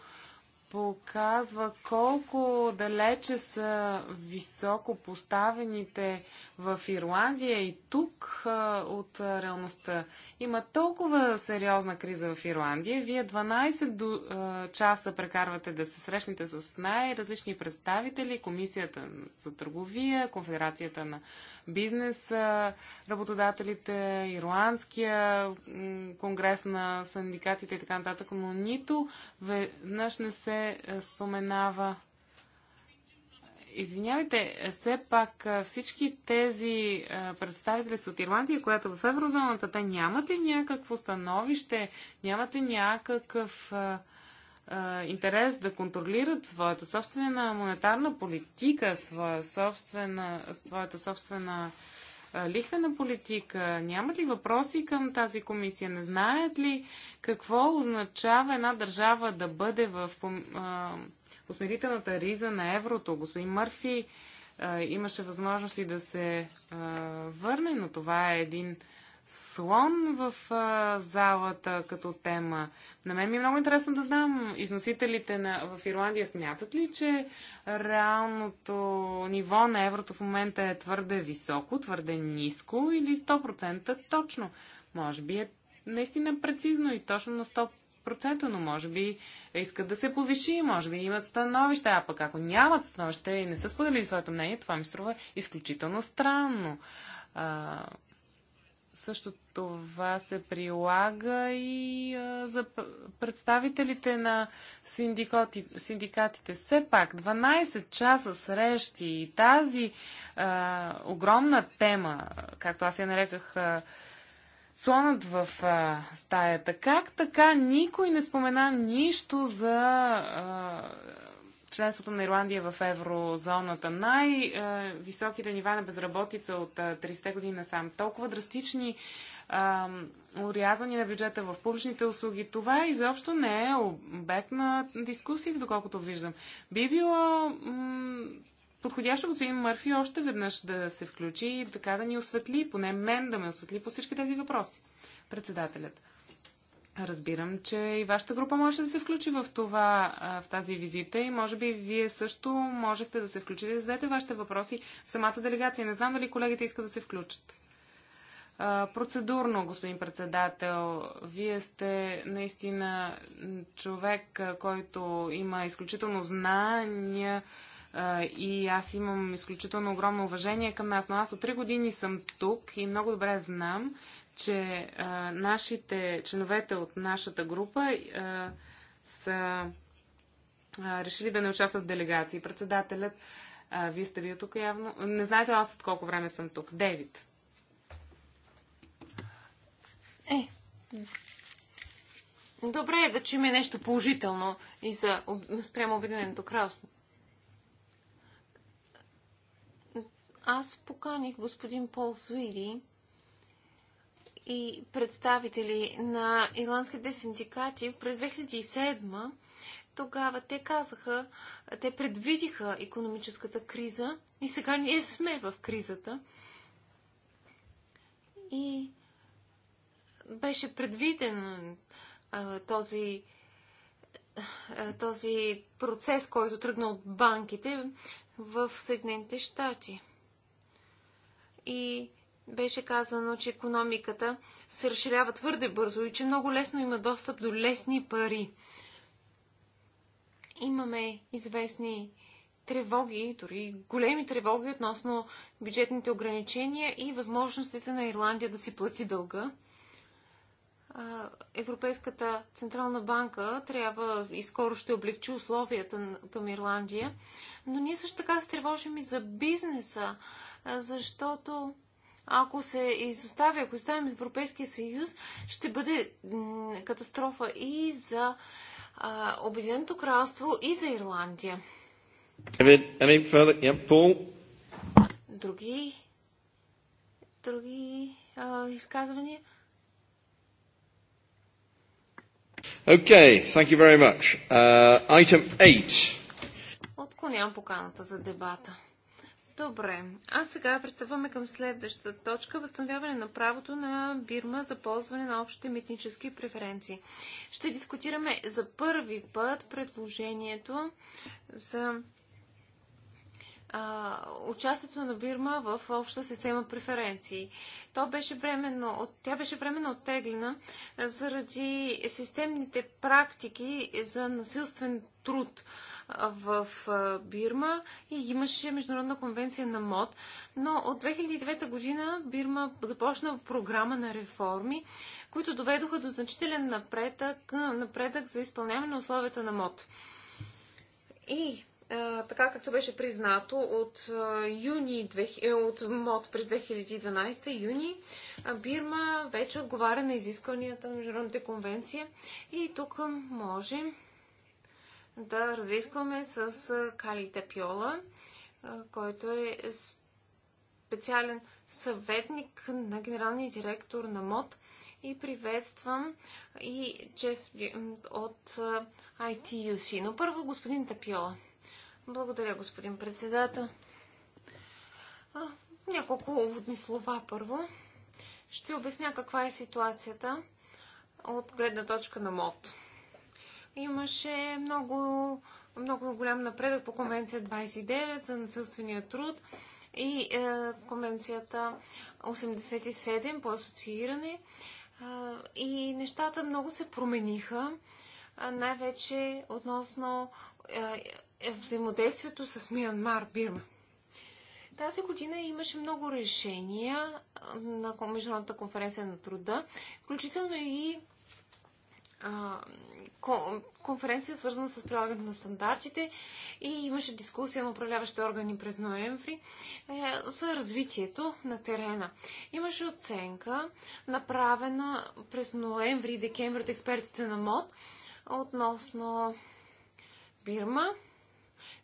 показва колко далече са високо поставените в Ирландия и тук а, от реалността. Има толкова сериозна криза в Ирландия. Вие 12 до, а, часа прекарвате да се срещнете с най-различни представители, Комисията за търговия, Конфедерацията на бизнес, работодателите, Ирландския конгрес на синдикатите и така нататък, но нито веднъж не се е, споменава. Извинявайте, все пак е, всички тези е, представители са от Ирландия, която в еврозоната, те нямате някакво становище, нямате някакъв интерес да контролират своята собствена монетарна политика, своя собствена, своята собствена лихвена политика? Нямат ли въпроси към тази комисия? Не знаят ли какво означава една държава да бъде в усмирителната риза на еврото? Господин Мърфи имаше възможности да се върне, но това е един слон в а, залата като тема. На мен ми е много интересно да знам, износителите на, в Ирландия смятат ли, че реалното ниво на еврото в момента е твърде високо, твърде ниско или 100% точно? Може би е наистина прецизно и точно на 100%, но може би искат да се повиши, може би имат становище, а пък ако нямат становище и не са споделили своето мнение, това ми струва изключително странно. А, също това се прилага и а, за представителите на синдикатите. Все пак, 12 часа срещи и тази а, огромна тема, както аз я нареках, а, слонът в а, стаята. Как така никой не спомена нищо за а, членството на Ирландия в еврозоната. Най-високите нива на безработица от 30-те години насам. Толкова драстични урязани на бюджета в публичните услуги. Това изобщо не е обект на дискусии, доколкото виждам. Би било подходящо господин Мърфи още веднъж да се включи и така да ни осветли, поне мен да ме осветли по всички тези въпроси. Председателят. Разбирам, че и вашата група може да се включи в, това, в тази визита и може би вие също можехте да се включите и зададете вашите въпроси в самата делегация. Не знам дали колегите искат да се включат. Процедурно, господин председател, вие сте наистина човек, който има изключително знания и аз имам изключително огромно уважение към нас, но аз от три години съм тук и много добре знам, че а, нашите членовете от нашата група а, са а, решили да не участват в делегации. Председателят, а, вие сте бил тук явно. Не знаете аз от колко време съм тук. Девид. Е, добре е да чуем нещо положително и за спрямо Обединеното кралство. Аз поканих господин Пол Суиди и представители на ирландските синдикати през 2007 тогава те казаха, те предвидиха економическата криза и сега ние сме в кризата. И беше предвиден а, този, а, този процес, който тръгна от банките в Съединените щати. И беше казано, че економиката се разширява твърде бързо и че много лесно има достъп до лесни пари. Имаме известни тревоги, дори големи тревоги относно бюджетните ограничения и възможностите на Ирландия да си плати дълга. Европейската Централна банка трябва и скоро ще облегчи условията към Ирландия, но ние също така се тревожим и за бизнеса, защото ако се изостави, ако оставим Европейския съюз, ще бъде катастрофа и за а, Обединеното кралство, и за Ирландия. Други, други а, изказвания? Okay, thank you very much. Uh, item 8. Отклонявам поканата за дебата. Добре, а сега представаме към следващата точка възстановяване на правото на Бирма за ползване на общите митнически преференции. Ще дискутираме за първи път предложението за а, участието на Бирма в обща система преференции. То беше временно, тя беше временно оттеглена заради системните практики за насилствен труд в Бирма и имаше Международна конвенция на МОД, но от 2009 година Бирма започна програма на реформи, които доведоха до значителен напредък, напредък за изпълняване на условията на МОД. И така както беше признато от, юни, е, от МОД през 2012 юни, Бирма вече отговаря на изискванията на международните конвенции и тук може да разискваме с Кали Тапиола, който е специален съветник на генералния директор на МОД и приветствам и Джеф от ITUC. Но първо господин Тапиола. Благодаря, господин председател. няколко уводни слова първо. Ще обясня каква е ситуацията от гледна точка на МОД. Имаше много, много голям напредък по Конвенция 29 за насилствения труд и е, Конвенцията 87 по асоцииране. Е, и нещата много се промениха, е, най-вече относно е, е взаимодействието с Миянмар, Бирма. Тази година имаше много решения е, на Международната конференция на труда, включително и конференция, свързана с прилагането на стандартите и имаше дискусия на управляващите органи през ноември е, за развитието на терена. Имаше оценка, направена през ноември и декември от експертите на МОД относно Бирма.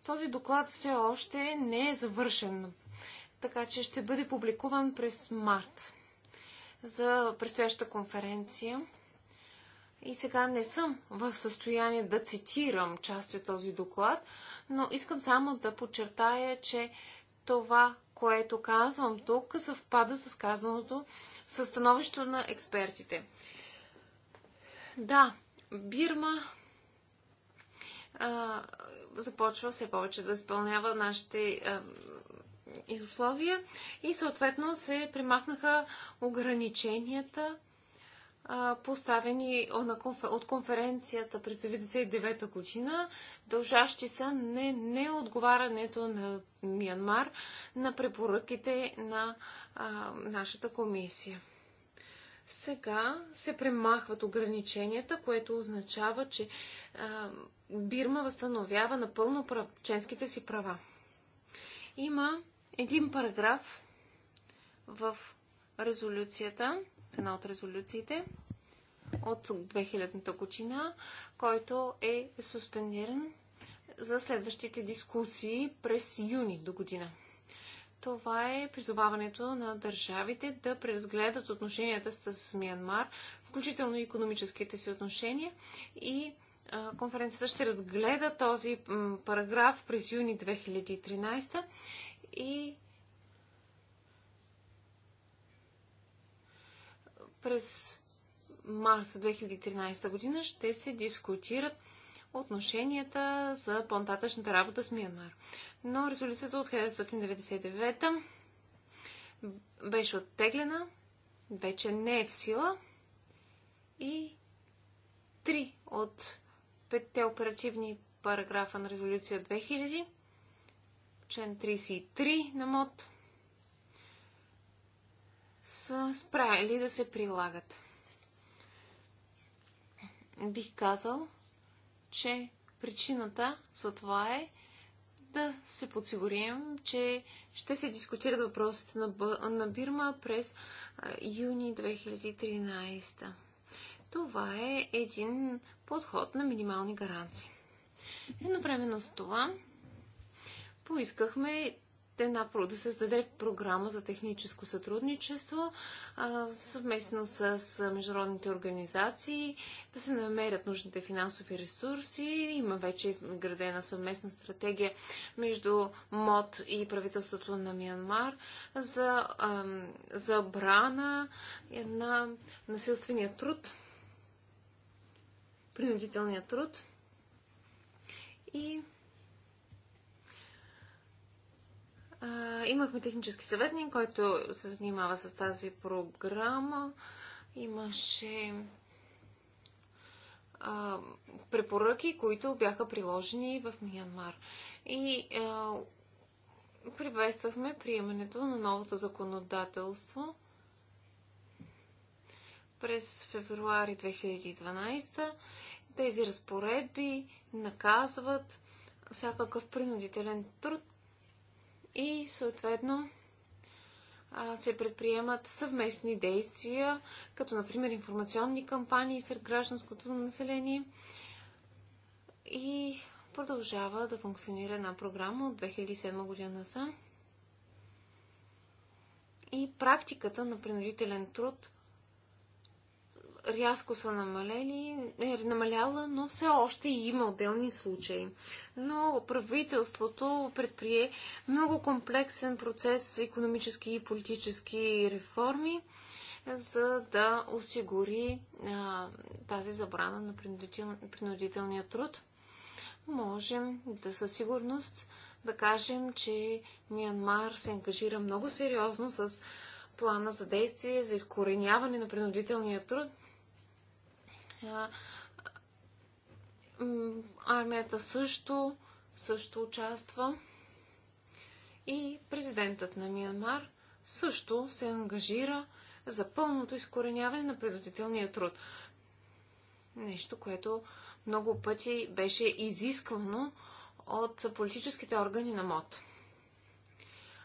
Този доклад все още не е завършен, така че ще бъде публикуван през март за предстоящата конференция и сега не съм в състояние да цитирам част от този доклад, но искам само да подчертая, че това, което казвам тук, съвпада с казаното със становището на експертите. Да, Бирма а, започва все повече да изпълнява нашите а, условия и съответно се примахнаха ограниченията поставени от конференцията през 1999 година, дължащи са не неотговарянето на Миянмар на препоръките на а, нашата комисия. Сега се премахват ограниченията, което означава, че а, Бирма възстановява напълно ченските си права. Има един параграф в резолюцията, една от резолюциите от 2000-та година, който е суспендиран за следващите дискусии през юни до година. Това е призоваването на държавите да преразгледат отношенията с Миянмар, включително и економическите си отношения и конференцията ще разгледа този параграф през юни 2013 и през март 2013 година ще се дискутират отношенията за понтатъчната работа с Миянмар. Но резолюцията от 1999 беше оттеглена, вече не е в сила и три от петте оперативни параграфа на резолюция 2000, член 33 на МОД, са справили да се прилагат. Бих казал, че причината за това е да се подсигурим, че ще се дискутират въпросите на, на Бирма през юни 2013. Това е един подход на минимални гаранции. Едновременно с това поискахме една, да създаде програма за техническо сътрудничество съвместно с международните организации, да се намерят нужните финансови ресурси. Има вече изградена съвместна стратегия между МОД и правителството на Миянмар за забрана на насилствения труд, принудителния труд и имахме технически съветник, който се занимава с тази програма. Имаше а, препоръки, които бяха приложени в Миянмар. И приветствахме приемането на новото законодателство през февруари 2012. Тези разпоредби наказват всякакъв принудителен труд и съответно се предприемат съвместни действия, като например информационни кампании сред гражданското население и продължава да функционира една програма от 2007 година сам. И практиката на принудителен труд рязко са намалели, е намаляла, но все още има отделни случаи. Но правителството предприе много комплексен процес економически и политически реформи, за да осигури а, тази забрана на принудител, принудителния труд. Можем да със сигурност да кажем, че Миянмар се ангажира много сериозно с плана за действие за изкореняване на принудителния труд Армията също, също участва. И президентът на Миянмар също се ангажира за пълното изкореняване на предотвратителния труд. Нещо, което много пъти беше изисквано от политическите органи на МОД.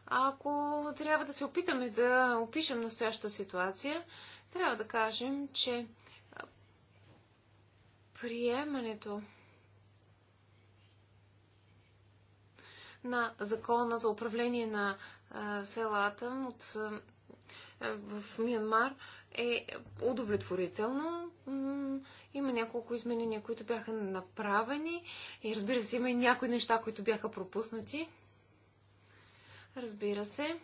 Ако трябва да се опитаме да опишем настоящата ситуация, трябва да кажем, че приемането на закона за управление на а, селата от, а, в Миянмар е удовлетворително. Има няколко изменения, които бяха направени и разбира се, има и някои неща, които бяха пропуснати. Разбира се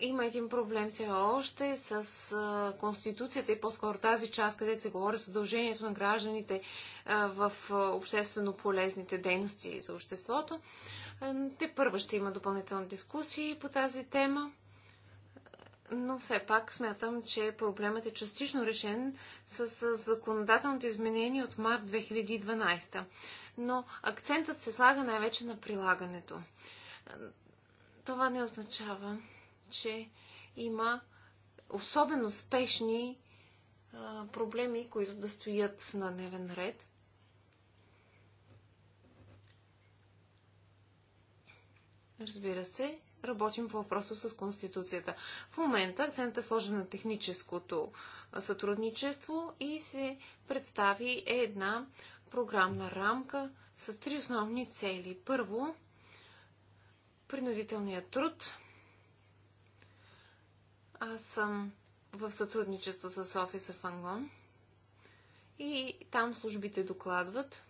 има един проблем все още с Конституцията и по-скоро тази част, където се говори за задължението на гражданите в обществено полезните дейности за обществото. Те първа ще има допълнителни дискусии по тази тема, но все пак смятам, че проблемът е частично решен с законодателните изменения от март 2012. Но акцентът се слага най-вече на прилагането. Това не означава, че има особено спешни проблеми, които да стоят на дневен ред. Разбира се, работим по въпроса с Конституцията. В момента акцентът е сложен на техническото сътрудничество и се представи една програмна рамка с три основни цели. Първо, принудителният труд – аз съм в сътрудничество с офиса в Ангон и там службите докладват,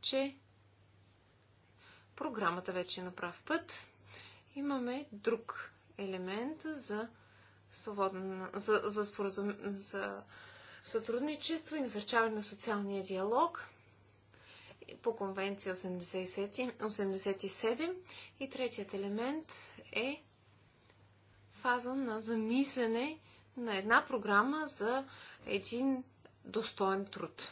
че програмата вече е на прав път. Имаме друг елемент за, свободна, за, за, споразум, за сътрудничество и насърчаване на социалния диалог по конвенция 87, 87 и третият елемент е фаза на замислене на една програма за един достоен труд.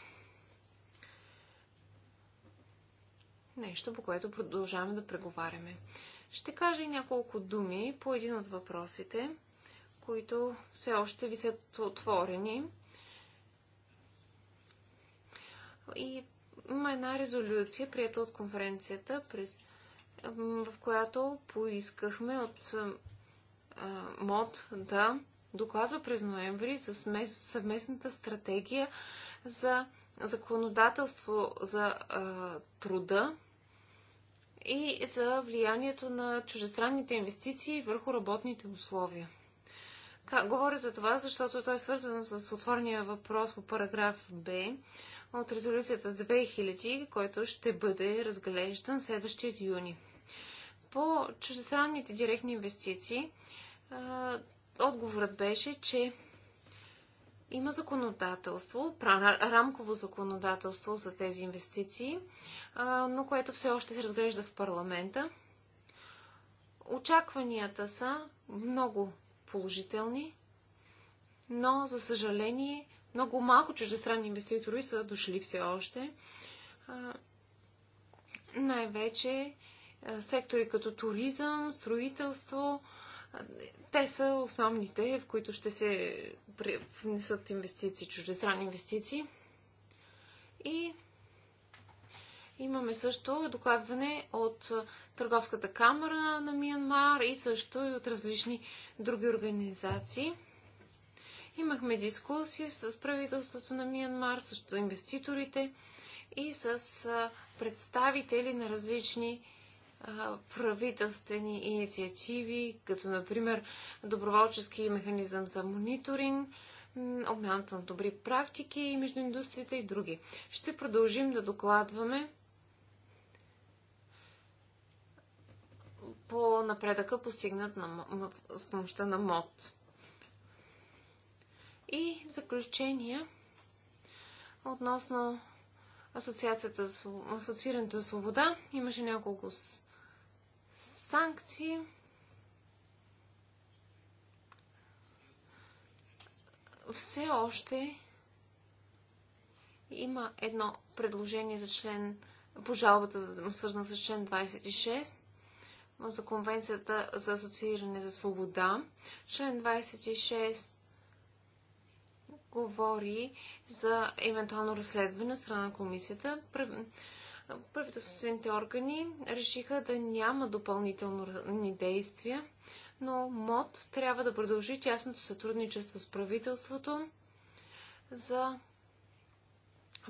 Нещо, по което продължаваме да преговаряме. Ще кажа и няколко думи по един от въпросите, които все още ви са отворени. И има една резолюция, прията от конференцията, в която поискахме от МОД да докладва през ноември за съвместната стратегия за законодателство за а, труда и за влиянието на чужестранните инвестиции върху работните условия. Как, говоря за това, защото то е свързано с отворния въпрос по параграф Б от резолюцията 2000, който ще бъде разглеждан следващия юни. По чужестранните директни инвестиции отговорът беше, че има законодателство, рамково законодателство за тези инвестиции, но което все още се разглежда в парламента. Очакванията са много положителни, но за съжаление много малко чуждестранни инвеститори са дошли все още. Най-вече сектори като туризъм, строителство, те са основните, в които ще се внесат инвестиции, чуждестранни инвестиции. И имаме също докладване от Търговската камера на Миянмар и също и от различни други организации. Имахме дискусия с правителството на Миянмар, също инвеститорите и с представители на различни правителствени инициативи, като например доброволчески механизъм за мониторинг, обмяната на добри практики между индустрията и други. Ще продължим да докладваме по напредъка постигнат на, с помощта на МОД. И в заключение, относно Асоциацията, Асоциирането за свобода, имаше няколко санкции. Все още има едно предложение за член по жалбата, свързана с член 26 за Конвенцията за асоцииране за свобода. Член 26 говори за евентуално разследване на страна на комисията правителствените органи решиха да няма допълнителни действия, но МОД трябва да продължи тясното сътрудничество с правителството за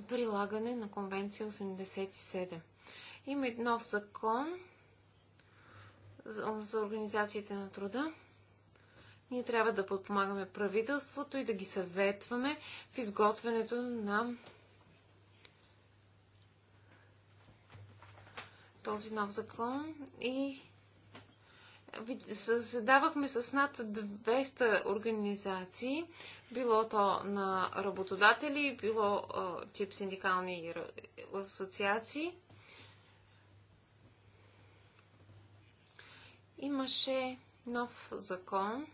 прилагане на Конвенция 87. Има и нов закон за организациите на труда. Ние трябва да подпомагаме правителството и да ги съветваме в изготвянето на този нов закон и Създавахме с над 200 организации, било то на работодатели, било тип синдикални асоциации. Имаше нов закон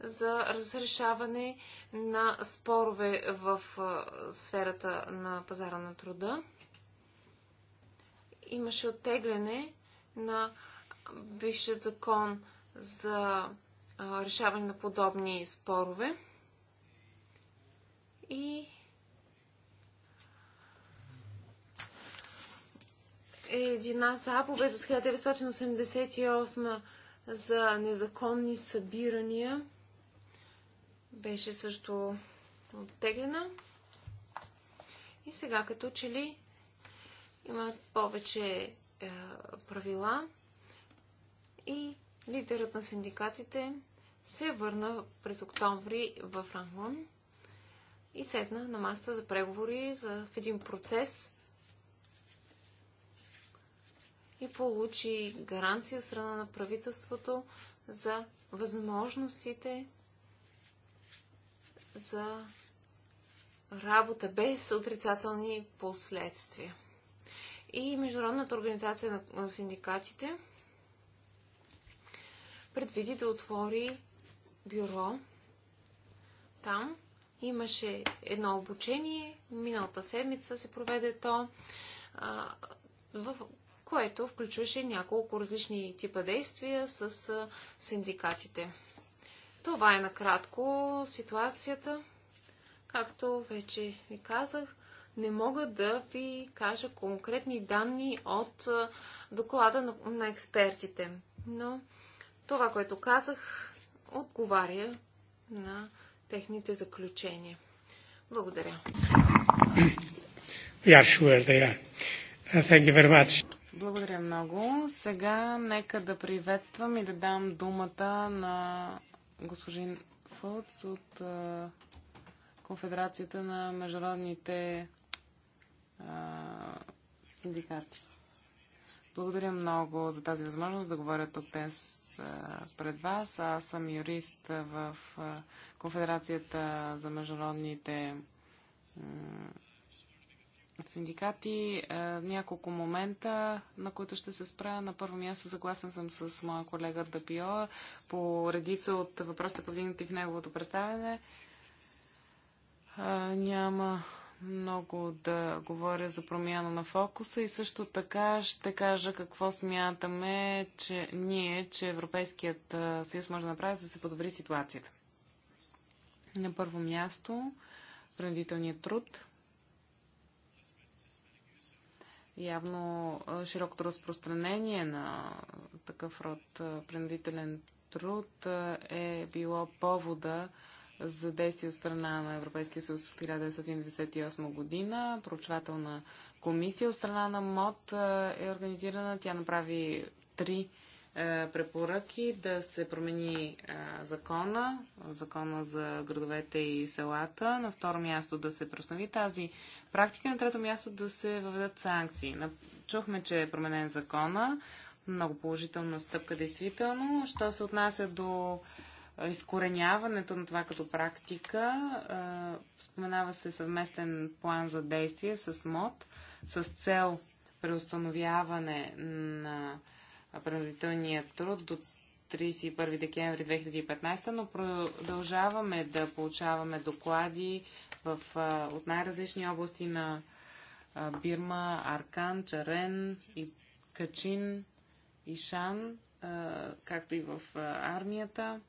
за разрешаване на спорове в сферата на пазара на труда имаше оттегляне на бившият закон за решаване на подобни спорове. И е една заповед от 1988 за незаконни събирания беше също оттеглена. И сега като че ли има повече е, правила и лидерът на синдикатите се върна през октомври в Ранглун и седна на маста за преговори за, в един процес и получи гаранция от страна на правителството за възможностите за работа без отрицателни последствия и Международната организация на синдикатите предвиди да отвори бюро. Там имаше едно обучение, миналата седмица се проведе то, в което включваше няколко различни типа действия с синдикатите. Това е накратко ситуацията. Както вече ви казах, не мога да ви кажа конкретни данни от доклада на, на експертите. Но това, което казах, отговаря на техните заключения. Благодаря. Uh, Благодаря много. Сега нека да приветствам и да дам думата на господин Фълц от Конфедерацията на международните а, синдикати. Благодаря много за тази възможност да говоря тук днес пред вас. Аз съм юрист в Конфедерацията за международните синдикати. Няколко момента, на които ще се спра. На първо място съгласен съм с моя колега Дапио по редица от въпросите, повдигнати в неговото представяне. Няма много да говоря за промяна на фокуса и също така ще кажа какво смятаме, че ние, че Европейският съюз може да направи, за да се подобри ситуацията. На първо място, принудителният труд. Явно широкото разпространение на такъв род принудителен труд е било повода за действие от страна на Европейския съюз от 1998 година. Проучвателна комисия от страна на МОД е, е организирана. Тя направи три е, препоръки да се промени е, закона, закона за градовете и селата. На второ място да се преустанови тази практика. На трето място да се въведат санкции. Чухме, че е променен закона. Много положителна стъпка, действително. Що се отнася до изкореняването на това като практика. Споменава се съвместен план за действие с МОД с цел преустановяване на принудителния труд до 31 декември 2015, но продължаваме да получаваме доклади в, от най-различни области на Бирма, Аркан, Чарен, и Качин, Ишан, както и в армията.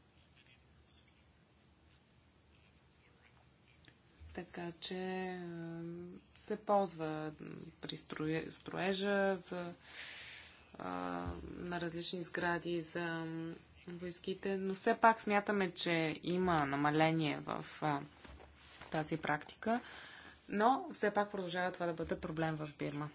така че се ползва при строежа за, а, на различни сгради за войските, но все пак смятаме, че има намаление в а, тази практика, но все пак продължава това да бъде проблем в Бирма.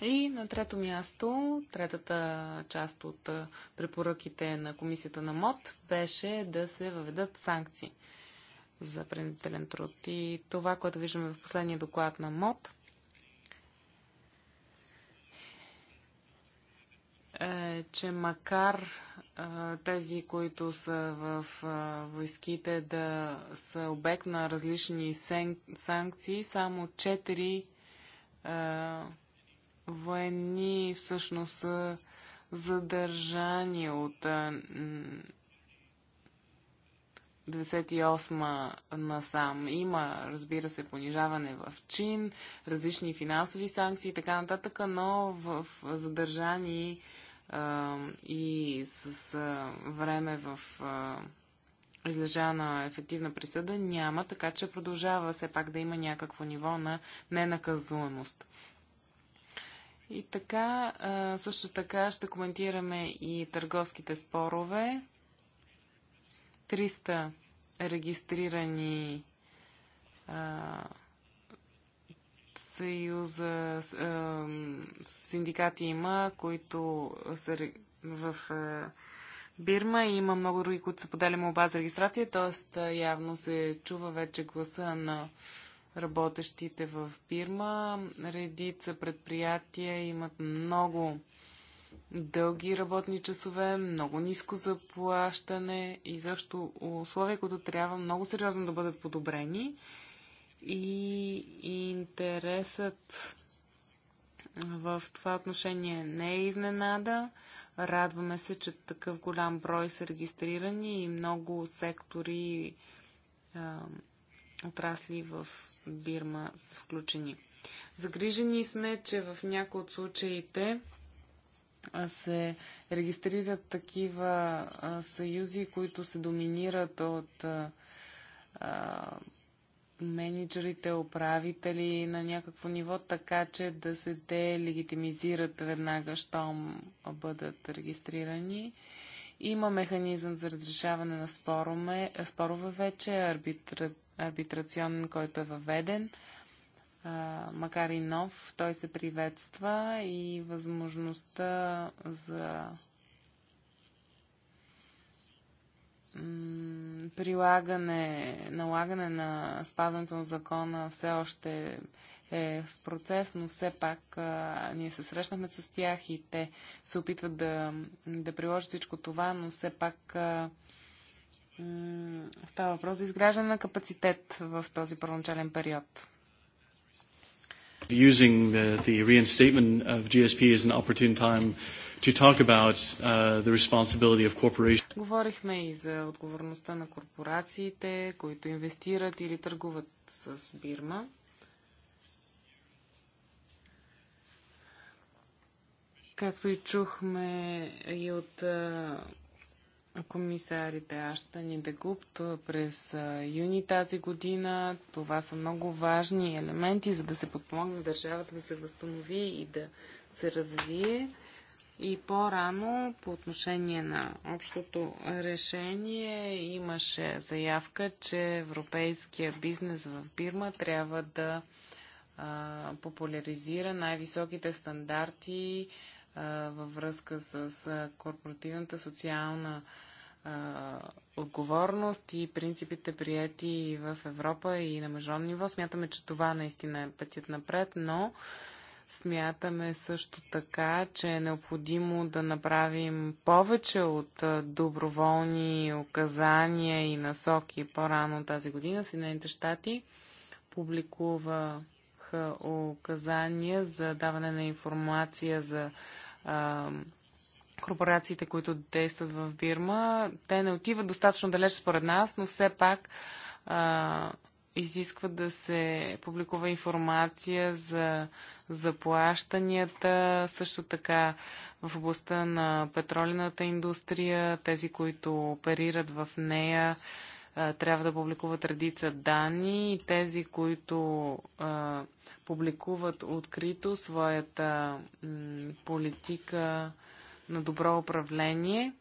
И на трето място, третата част от препоръките на комисията на МОД беше да се въведат санкции – за принудителен труд. И това, което виждаме в последния доклад на МОД, е, че макар е, тези, които са в е, войските да са обект на различни санкции, само 4 е, военни всъщност са задържани от 98 насам. Има, разбира се, понижаване в чин, различни финансови санкции и така нататък, но в задържани а, и с а, време в а, излежана ефективна присъда няма, така че продължава все пак да има някакво ниво на ненаказуемост. И така, също така ще коментираме и търговските спорове. 300 регистрирани а, съюза, а, синдикати има, които са в а, Бирма и има много други, които са подали молба за регистрация, т.е. явно се чува вече гласа на работещите в Бирма. Редица предприятия имат много дълги работни часове, много ниско заплащане и също условия, които трябва много сериозно да бъдат подобрени. И интересът в това отношение не е изненада. Радваме се, че такъв голям брой са регистрирани и много сектори а, отрасли в Бирма са включени. Загрижени сме, че в някои от случаите се регистрират такива а, съюзи, които се доминират от а, менеджерите, управители на някакво ниво, така че да се те легитимизират веднага, щом бъдат регистрирани. Има механизъм за разрешаване на спорове, спорове вече, арбитра, арбитрационен, който е въведен макар и нов, той се приветства и възможността за прилагане, налагане на спазването на закона все още е в процес, но все пак а, ние се срещнахме с тях и те се опитват да, да приложат всичко това, но все пак а, става въпрос за изграждане на капацитет в този първоначален период using the, the reinstatement of GSP as an opportune time to talk about uh, the responsibility of corporations. Говорихме и за отговорността на корпорациите, които инвестират или търгуват с Бирма. Както и чухме и от uh, комисарите Аштан и Дегупт през юни тази година. Това са много важни елементи, за да се подпомогне държавата да се възстанови и да се развие. И по-рано, по отношение на общото решение, имаше заявка, че европейския бизнес в Бирма трябва да а, популяризира най-високите стандарти във връзка с корпоративната социална отговорност и принципите прияти в Европа и на международно ниво. Смятаме, че това наистина е пътят напред, но смятаме също така, че е необходимо да направим повече от доброволни указания и насоки. По-рано тази година Съединените щати публикуваха указания за даване на информация за корпорациите, които действат в Бирма. Те не отиват достатъчно далеч според нас, но все пак а, изискват да се публикува информация за заплащанията, също така в областта на петролната индустрия, тези, които оперират в нея, трябва да публикуват редица данни и тези, които а, публикуват открито своята политика на добро управление,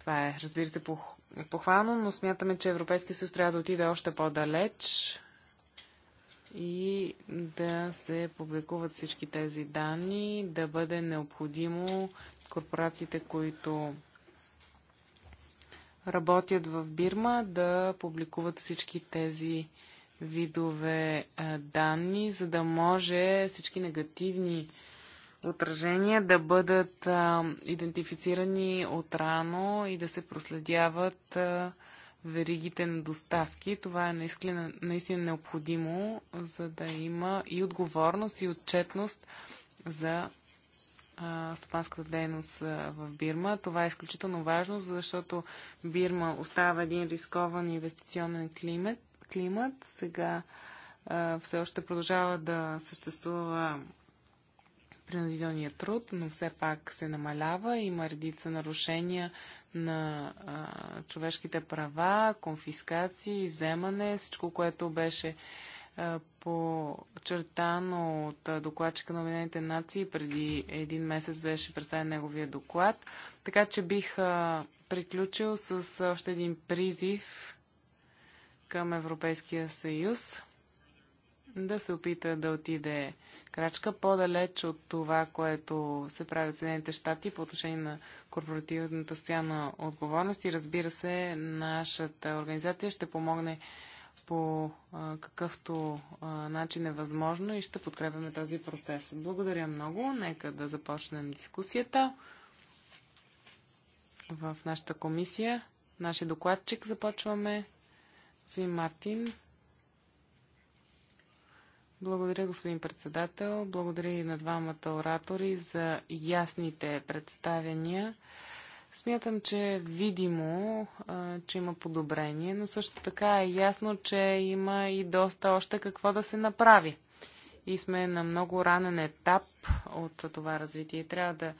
това е, разбира се, похвално, но смятаме, че Европейския съюз трябва да отиде още по-далеч и да се публикуват всички тези данни, да бъде необходимо корпорациите, които работят в Бирма, да публикуват всички тези видове данни, за да може всички негативни отражения да бъдат идентифицирани идентифицирани отрано и да се проследяват веригите на доставки. Това е наистина, наистина необходимо, за да има и отговорност, и отчетност за стопанската дейност в Бирма. Това е изключително важно, защото Бирма остава един рискован инвестиционен климат. климат. Сега а, все още продължава да съществува принудителният труд, но все пак се намалява. Има редица нарушения на а, човешките права, конфискации, вземане, всичко, което беше по е, подчертано от е, докладчика на Обединените нации. Преди един месец беше представен неговия доклад. Така че бих е, приключил с още един призив към Европейския съюз да се опита да отиде крачка по-далеч от това, което се прави от Съединените щати по отношение на корпоративната социална отговорност и разбира се, нашата организация ще помогне по а, какъвто а, начин е възможно и ще подкрепяме този процес. Благодаря много. Нека да започнем дискусията в нашата комисия. Нашия докладчик започваме. Господин Мартин. Благодаря, господин председател. Благодаря и на двамата оратори за ясните представения Смятам, че е видимо, а, че има подобрение, но също така е ясно, че има и доста още какво да се направи. И сме на много ранен етап от това развитие. Трябва да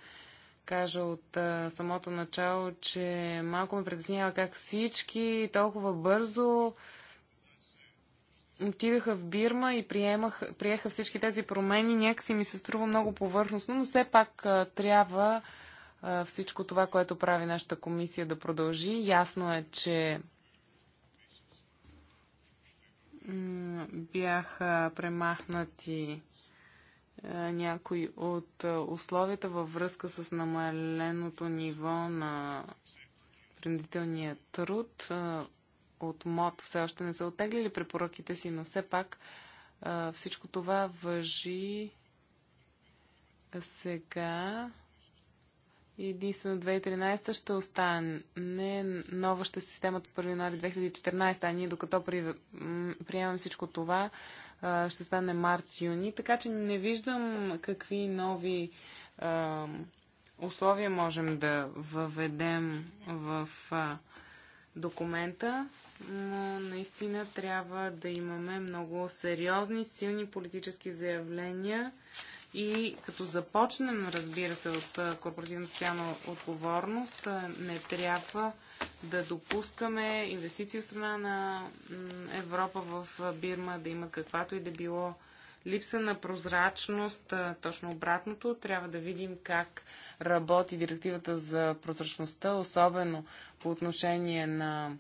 кажа от а, самото начало, че малко ме притеснява как всички толкова бързо отидаха в Бирма и приемах, приеха всички тези промени. Някакси ми се струва много повърхностно, но все пак а, трябва всичко това, което прави нашата комисия да продължи. Ясно е, че бяха премахнати някои от условията във връзка с намаленото ниво на принудителния труд. От МОД все още не са отеглили препоръките си, но все пак всичко това въжи сега единствено 2013 ще остане. Не нова ще от 1 януари 2014, а ние докато при, приемем всичко това, ще стане март-юни. Така че не виждам какви нови а, условия можем да въведем в а, документа, но наистина трябва да имаме много сериозни, силни политически заявления и като започнем, разбира се, от корпоративна социална отговорност, не трябва да допускаме инвестиции от страна на Европа в Бирма, да има каквато и да било липса на прозрачност, точно обратното, трябва да видим как работи директивата за прозрачността, особено по отношение на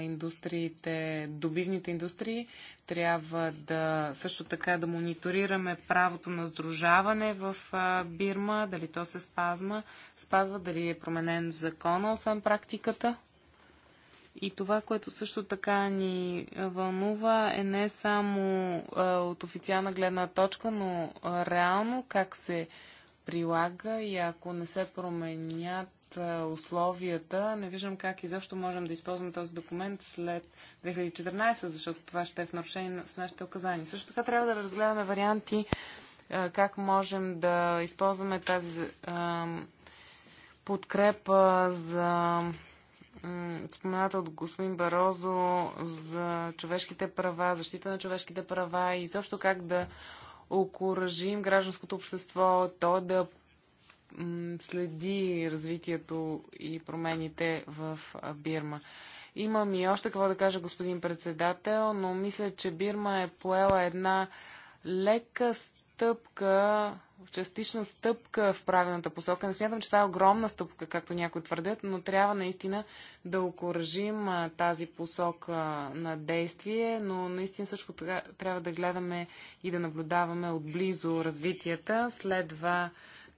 индустриите, добивните индустрии. Трябва да също така да мониторираме правото на сдружаване в Бирма, дали то се спазва, спазва, дали е променен закона, освен практиката. И това, което също така ни вълнува, е не само а, от официална гледна точка, но а, реално как се прилага и ако не се променят условията, не виждам как и защо можем да използваме този документ след 2014, защото това ще е в нарушение с нашите указания. Също така трябва да разгледаме варианти как можем да използваме тази подкрепа за спомената от господин Барозо за човешките права, защита на човешките права и защо как да окоръжим гражданското общество, то да следи развитието и промените в Бирма. Имам и още какво да кажа, господин председател, но мисля, че Бирма е поела една лека стъпка, частична стъпка в правилната посока. Не смятам, че това е огромна стъпка, както някои твърдят, но трябва наистина да окоръжим тази посока на действие, но наистина също трябва да гледаме и да наблюдаваме отблизо развитията. Следва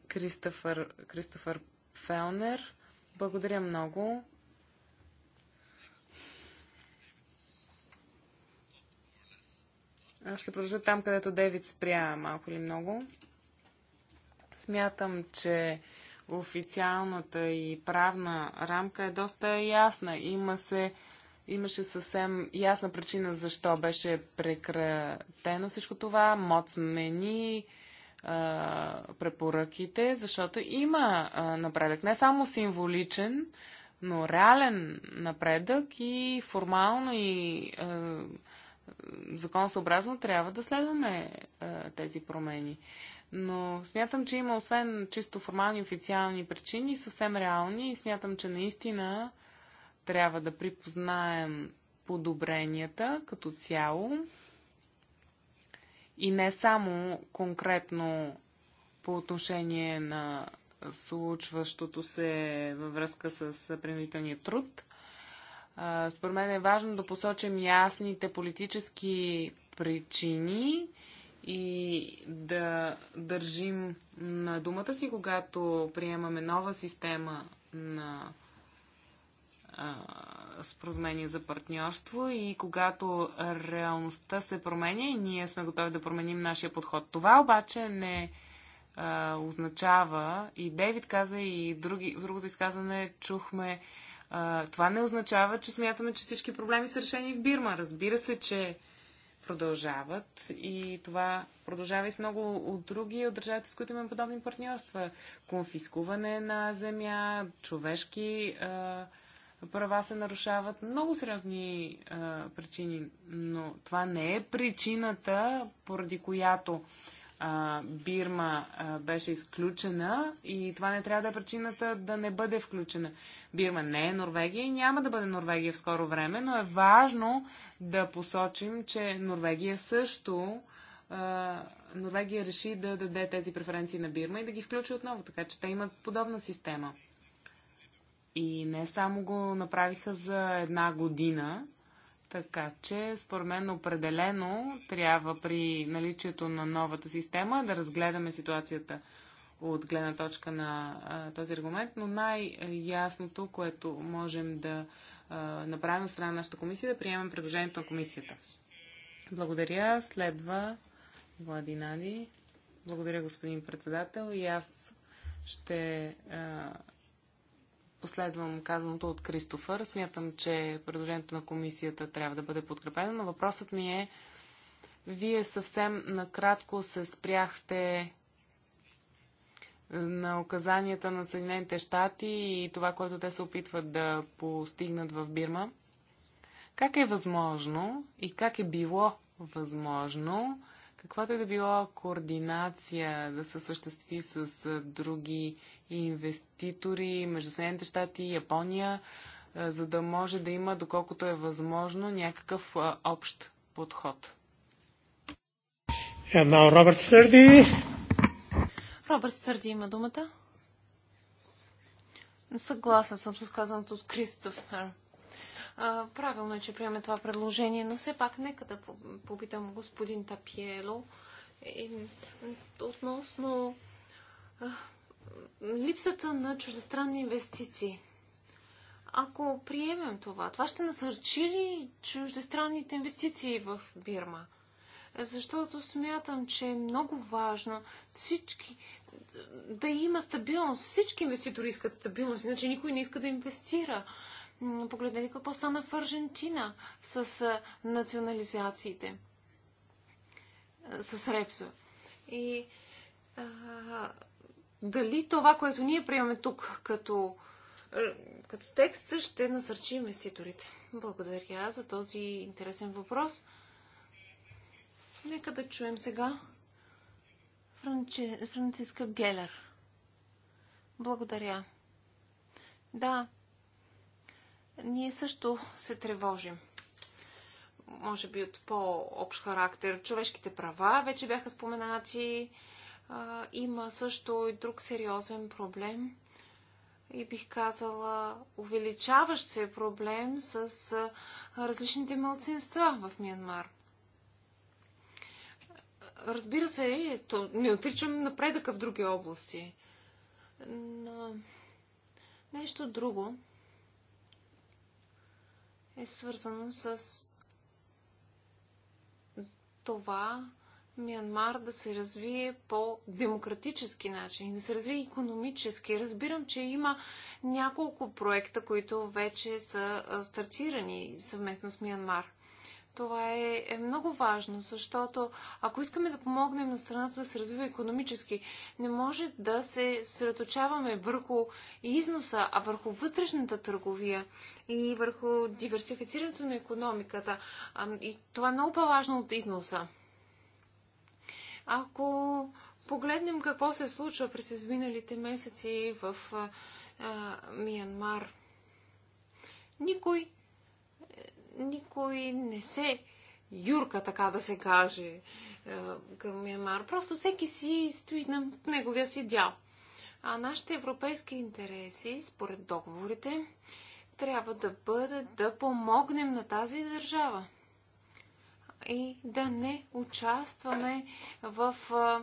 Кристофър, Кристофър Фелнер. Благодаря много. Ще продължа там, където Девид спря малко или много. Смятам, че официалната и правна рамка е доста ясна. Има се, имаше съвсем ясна причина защо беше прекратено всичко това. МОД смени препоръките, защото има а, напредък. Не само символичен, но реален напредък и формално и а, законосъобразно трябва да следваме а, тези промени. Но смятам, че има освен чисто формални официални причини, съвсем реални и смятам, че наистина трябва да припознаем подобренията като цяло и не само конкретно по отношение на случващото се във връзка с принудителния труд. Според мен е важно да посочим ясните политически причини и да държим на думата си, когато приемаме нова система на споразумение за партньорство и когато реалността се променя, ние сме готови да променим нашия подход. Това обаче не а, означава, и Дейвид каза, и други, в другото изказване чухме, а, това не означава, че смятаме, че всички проблеми са решени в Бирма. Разбира се, че продължават и това продължава и с много от други от държавите, с които имаме подобни партньорства. Конфискуване на земя, човешки а, права се нарушават много сериозни а, причини, но това не е причината, поради която а, Бирма а, беше изключена и това не трябва да е причината да не бъде включена. Бирма не е Норвегия и няма да бъде Норвегия в скоро време, но е важно да посочим, че Норвегия също. А, Норвегия реши да даде тези преференции на Бирма и да ги включи отново, така че те имат подобна система. И не само го направиха за една година, така че, според мен, определено трябва при наличието на новата система да разгледаме ситуацията от гледна точка на а, този аргумент, но най-ясното, което можем да а, направим от страна на нашата комисия, е да приемем предложението на комисията. Благодаря. Следва Владинади. Благодаря, господин председател. И аз ще а, последвам казаното от Кристофър. Смятам, че предложението на комисията трябва да бъде подкрепено, но въпросът ми е, вие съвсем накратко се спряхте на указанията на Съединените щати и това, което те се опитват да постигнат в Бирма. Как е възможно и как е било възможно каквато е да било координация да се съществи с други инвеститори между Съединените щати и Япония, за да може да има, доколкото е възможно, някакъв общ подход. Робърт Стърди. Робърт Стърди има думата. Съгласен съм с казаното от Кристофер. Правилно е, че приеме това предложение, но все пак нека да попитам господин Тапиело относно липсата на чуждестранни инвестиции. Ако приемем това, това ще насърчи ли чуждестранните инвестиции в Бирма? Защото смятам, че е много важно всички да има стабилност. Всички инвеститори искат стабилност, иначе никой не иска да инвестира. Погледнете какво стана в Аржентина с национализациите, с репсо. И а, дали това, което ние приемаме тук като, като текст, ще насърчи инвеститорите? Благодаря за този интересен въпрос. Нека да чуем сега Франче... Франциска Гелер. Благодаря. Да, ние също се тревожим. Може би от по-общ характер. Човешките права вече бяха споменати. Има също и друг сериозен проблем. И бих казала, увеличаващ се проблем с различните мълцинства в Миянмар. Разбира се, то не отричам напредъка в други области. Но нещо друго, е свързано с това Миянмар да се развие по демократически начин, да се развие економически. Разбирам, че има няколко проекта, които вече са стартирани съвместно с Миянмар. Това е, е много важно, защото ако искаме да помогнем на страната да се развива економически, не може да се средочаваме върху износа, а върху вътрешната търговия и върху диверсифицирането на економиката. И това е много по-важно от износа. Ако погледнем какво се случва през изминалите месеци в а, Миянмар, никой никой не се юрка, така да се каже, е, към Миямар. Просто всеки си стои на неговия си дял. А нашите европейски интереси, според договорите, трябва да бъде да помогнем на тази държава и да не участваме в а, е,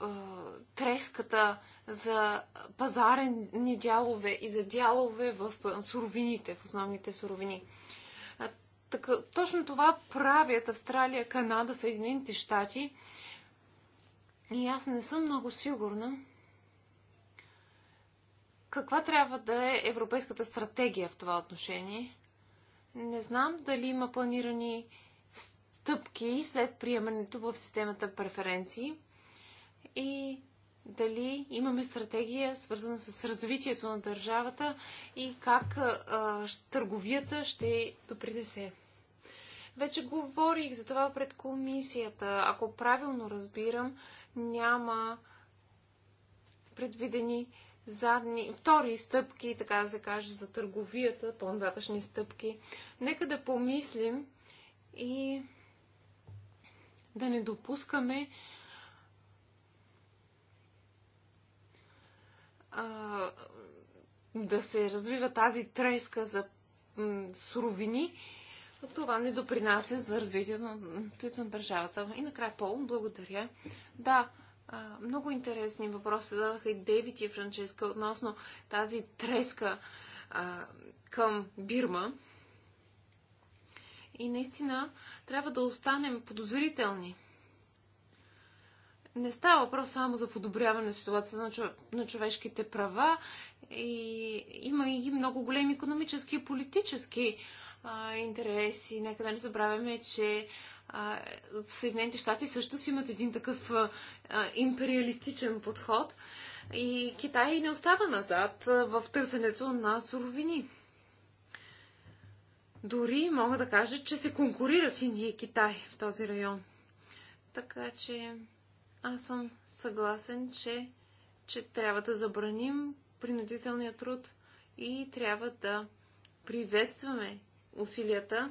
а, е, треската за пазарени дялове и за дялове в суровините, в основните суровини так, точно това правят Австралия, Канада, Съединените щати. И аз не съм много сигурна каква трябва да е европейската стратегия в това отношение. Не знам дали има планирани стъпки след приемането в системата преференции и дали имаме стратегия свързана с развитието на държавата и как а, търговията ще допринесе. Вече говорих за това пред комисията. Ако правилно разбирам, няма предвидени задни, втори стъпки, така да се каже, за търговията, по-нататъчни стъпки. Нека да помислим и да не допускаме а, да се развива тази треска за суровини това не допринася за развитието на, държавата. И накрая, Пол, благодаря. Да, много интересни въпроси зададаха и Девит и Франческа относно тази треска към Бирма. И наистина трябва да останем подозрителни. Не става въпрос само за подобряване на ситуацията на, чов... на човешките права. И има и много големи економически и политически а, интереси. Нека да не забравяме, че а, Съединените щати също си имат един такъв а, империалистичен подход. И Китай не остава назад в търсенето на суровини. Дори мога да кажа, че се конкурират Индия и Китай в този район. Така че аз съм съгласен, че, че трябва да забраним принудителния труд и трябва да приветстваме усилията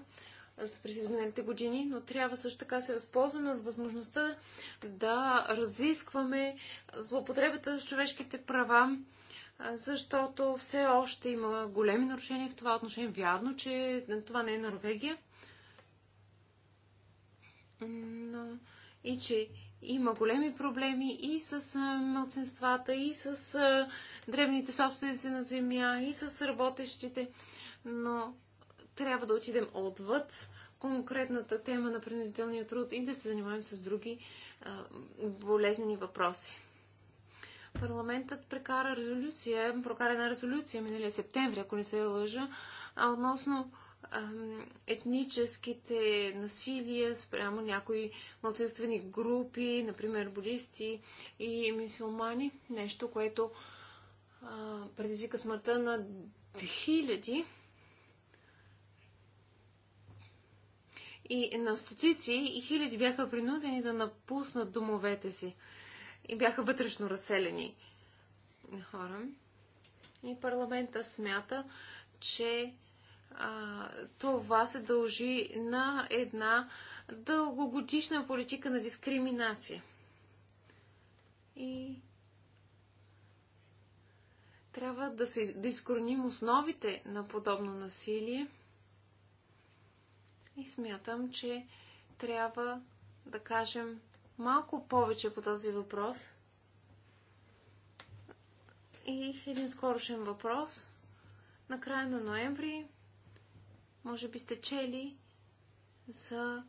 през изминалите години, но трябва също така се възползваме от възможността да разискваме злоупотребата с човешките права, защото все още има големи нарушения в това отношение. Вярно, че това не е Норвегия. Но и че има големи проблеми и с мълценствата, и с древните собственици на земя, и с работещите. Но трябва да отидем отвъд конкретната тема на принудителния труд и да се занимаем с други а, болезнени въпроси. Парламентът прекара резолюция, прокара една резолюция миналия септември, ако не се лъжа, а относно етническите насилия спрямо някои мълцинствени групи, например болисти и мисулмани, нещо, което а, предизвика смъртта на хиляди и на стотици и хиляди бяха принудени да напуснат домовете си и бяха вътрешно разселени хора. И парламента смята, че а, това се дължи на една дългогодишна политика на дискриминация. И трябва да, се, да изкореним основите на подобно насилие – и смятам, че трябва да кажем малко повече по този въпрос. И един скорошен въпрос. На края на ноември, може би сте чели за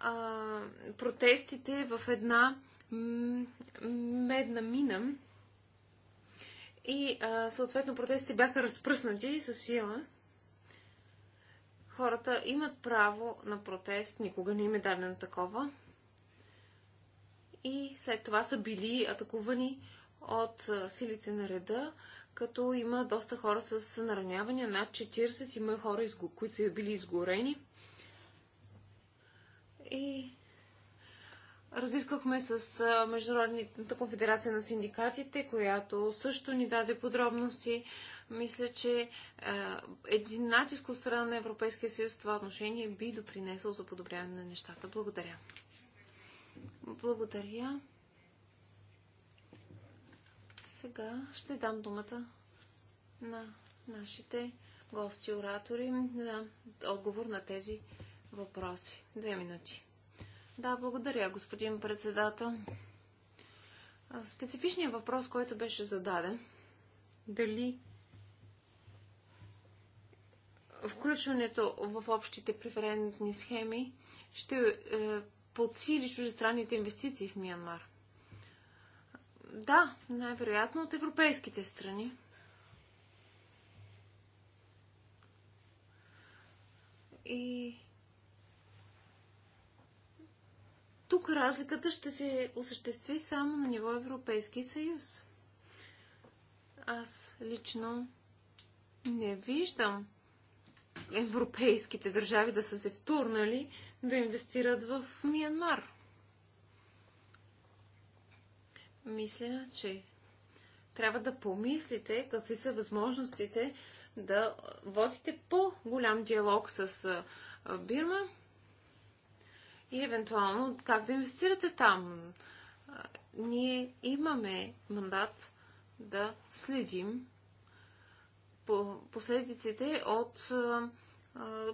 а, протестите в една медна мина. И а, съответно протестите бяха разпръснати със сила хората имат право на протест, никога не им е дадено такова. И след това са били атакувани от силите на реда, като има доста хора с наранявания, над 40 има хора, които са били изгорени. И разисквахме с Международната конфедерация на синдикатите, която също ни даде подробности мисля, че един натиск от страна на Европейския съюз в това отношение би допринесъл за подобряване на нещата. Благодаря. Благодаря. Сега ще дам думата на нашите гости-оратори за отговор на тези въпроси. Две минути. Да, благодаря, господин председател. Специфичният въпрос, който беше зададен, дали включването в общите преферентни схеми ще е, подсили чужестранните инвестиции в Миянмар. Да, най-вероятно от европейските страни. И тук разликата ще се осъществи само на ниво Европейски съюз. Аз лично не виждам европейските държави да са се втурнали да инвестират в Миянмар. Мисля, че трябва да помислите какви са възможностите да водите по-голям диалог с Бирма и евентуално как да инвестирате там. Ние имаме мандат да следим последиците от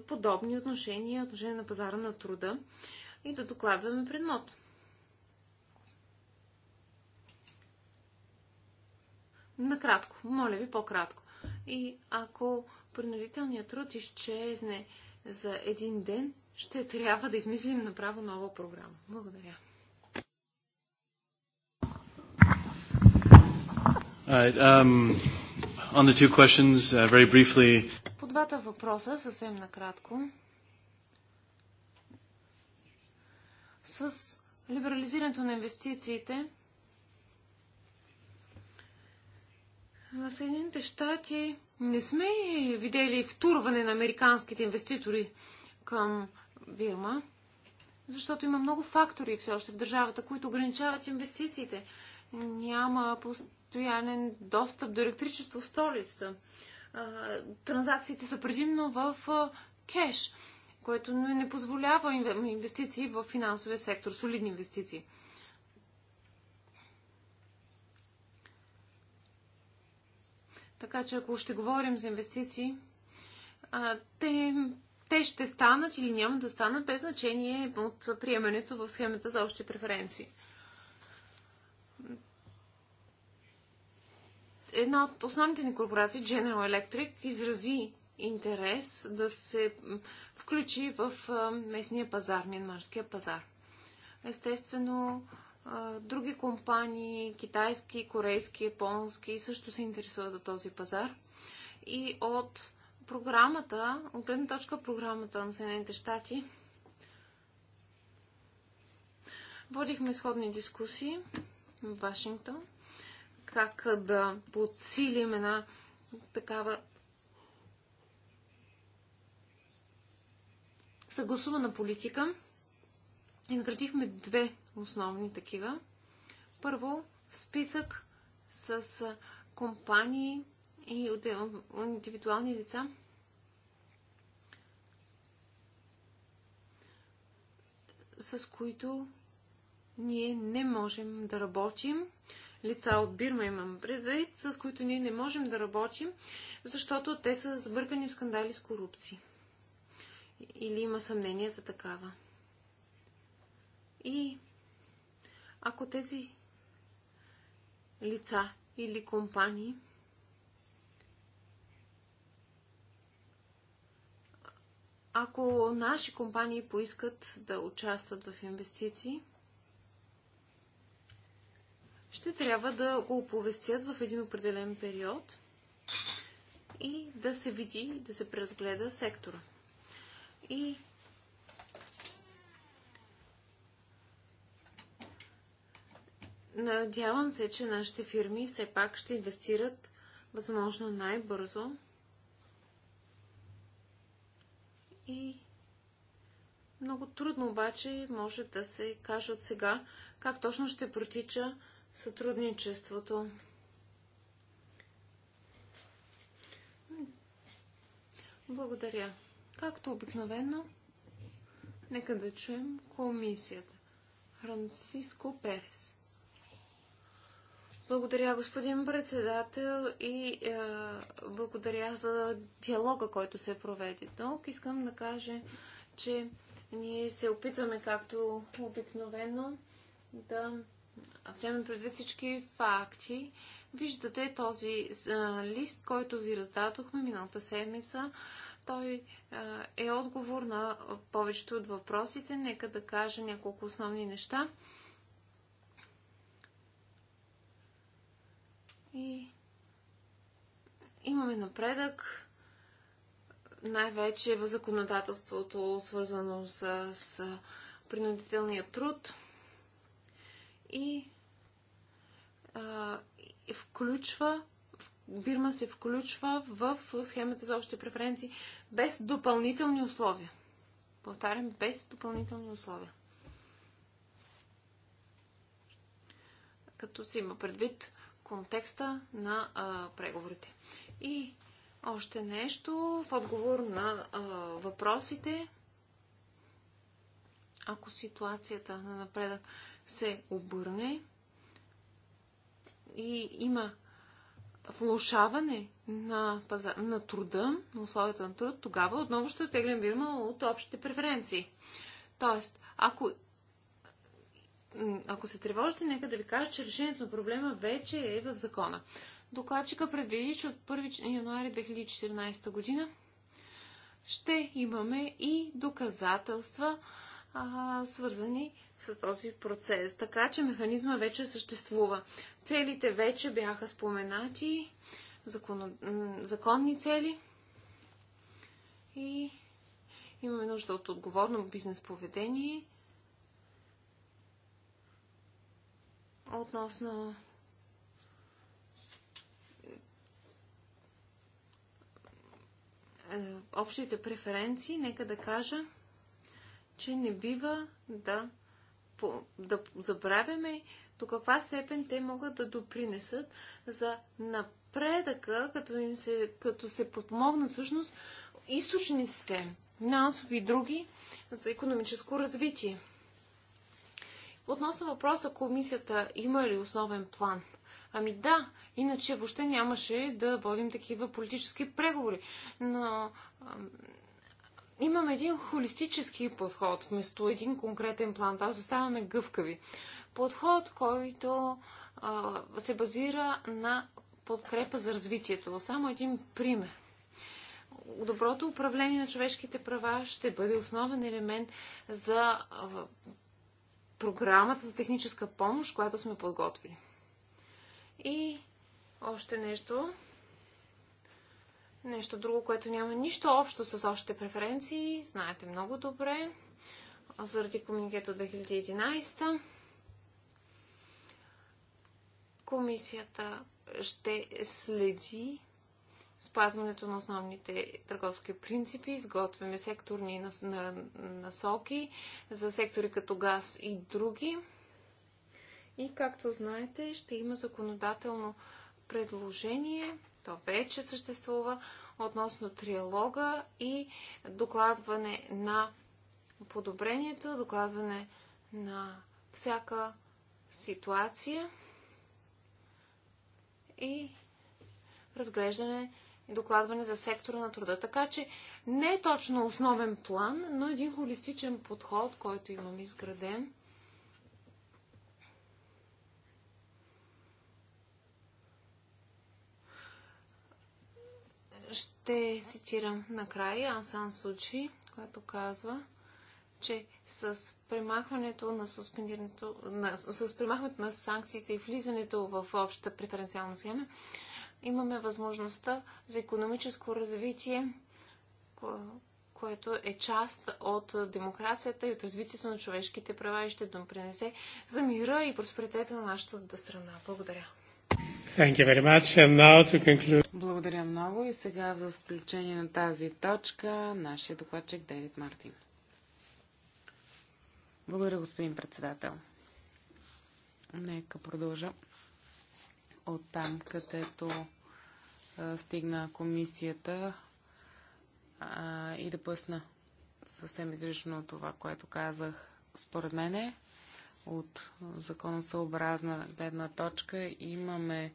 подобни отношения, отношения на пазара на труда и да докладваме предмот. Накратко, моля ви по-кратко. И ако принудителният труд изчезне за един ден, ще трябва да измислим направо нова програма. Благодаря. Right, um on the two questions, uh, very briefly. По двата въпроса, съвсем накратко. С либерализирането на инвестициите, в Съединените щати не сме видели втурване на американските инвеститори към Бирма, защото има много фактори все още в държавата, които ограничават инвестициите. Няма постоянен достъп до електричество в столицата. Транзакциите са предимно в кеш, което не позволява инвестиции в финансовия сектор, солидни инвестиции. Така че ако ще говорим за инвестиции, те, те ще станат или няма да станат без значение от приемането в схемата за общи преференции. една от основните ни корпорации, General Electric, изрази интерес да се включи в местния пазар, мянмарския пазар. Естествено, други компании, китайски, корейски, японски, също се интересуват от този пазар. И от програмата, от гледна точка програмата на Съединените щати, водихме сходни дискусии в Вашингтон как да подсилим една такава съгласувана политика. Изградихме две основни такива. Първо, списък с компании и индивидуални деца. с които ние не можем да работим лица от Бирма имам предвид, с които ние не можем да работим, защото те са сбъркани в скандали с корупции. Или има съмнение за такава. И ако тези лица или компании ако наши компании поискат да участват в инвестиции, ще трябва да го оповестят в един определен период и да се види, да се преразгледа сектора. И надявам се, че нашите фирми все пак ще инвестират възможно най-бързо и много трудно обаче може да се каже от сега как точно ще протича сътрудничеството. Благодаря. Както обикновено, нека да чуем комисията. Франциско Перес. Благодаря, господин председател, и е, благодаря за диалога, който се проведе. Тук искам да кажа, че ние се опитваме, както обикновено, да вземем предвид всички факти, виждате този лист, който ви раздадохме миналата седмица. Той е отговор на повечето от въпросите. Нека да кажа няколко основни неща. И имаме напредък, най-вече в законодателството, свързано с, с принудителния труд и а, включва, Бирма се включва в схемата за общи преференции без допълнителни условия. Повтарям, без допълнителни условия. Като се има предвид контекста на а, преговорите. И още нещо в отговор на а, въпросите. Ако ситуацията на напредък се обърне и има влушаване на, паза... на труда, на условията на труд, тогава отново ще отеглям Бирма от общите преференции. Тоест, ако, ако се тревожите, нека да ви кажа, че решението на проблема вече е в закона. Докладчика предвиди, че от 1 януари 2014 година ще имаме и доказателства, а, свързани с този процес. Така че механизма вече съществува. Целите вече бяха споменати, закон... законни цели и имаме нужда от отговорно бизнес поведение относно е, общите преференции, нека да кажа, че не бива да да забравяме до каква степен те могат да допринесат за напредъка, като, им се, като се подмогнат всъщност източниците, финансови и други, за економическо развитие. Относно въпроса, комисията има ли основен план? Ами да, иначе въобще нямаше да водим такива политически преговори. Но имаме един холистически подход, вместо един конкретен план, т.е. оставаме гъвкави. Подход, който а, се базира на подкрепа за развитието. Само един пример. Доброто управление на човешките права ще бъде основен елемент за а, програмата за техническа помощ, която сме подготвили. И още нещо, Нещо друго, което няма нищо общо с общите преференции, знаете много добре, заради комуникет от 2011. Комисията ще следи спазването на основните търговски принципи, изготвяме секторни насоки за сектори като газ и други. И както знаете, ще има законодателно предложение то вече съществува относно триалога и докладване на подобрението, докладване на всяка ситуация и разглеждане и докладване за сектора на труда. Така че не е точно основен план, но един холистичен подход, който имам изграден ще цитирам накрая Ансан Сучи, която казва, че с премахването на суспендирането, на, с премахването на санкциите и влизането в общата преференциална схема, имаме възможността за економическо развитие, което е част от демокрацията и от развитието на човешките права и ще допринесе за мира и просперитета на нашата страна. Благодаря. Thank you very much. And now to conclude... Благодаря много и сега за заключение на тази точка нашия докладчик Дейвид Мартин. Благодаря, господин председател. Нека продължа от там, където а, стигна комисията а, и да пъсна съвсем изрично това, което казах. Според мен е от законосъобразна гледна точка. Имаме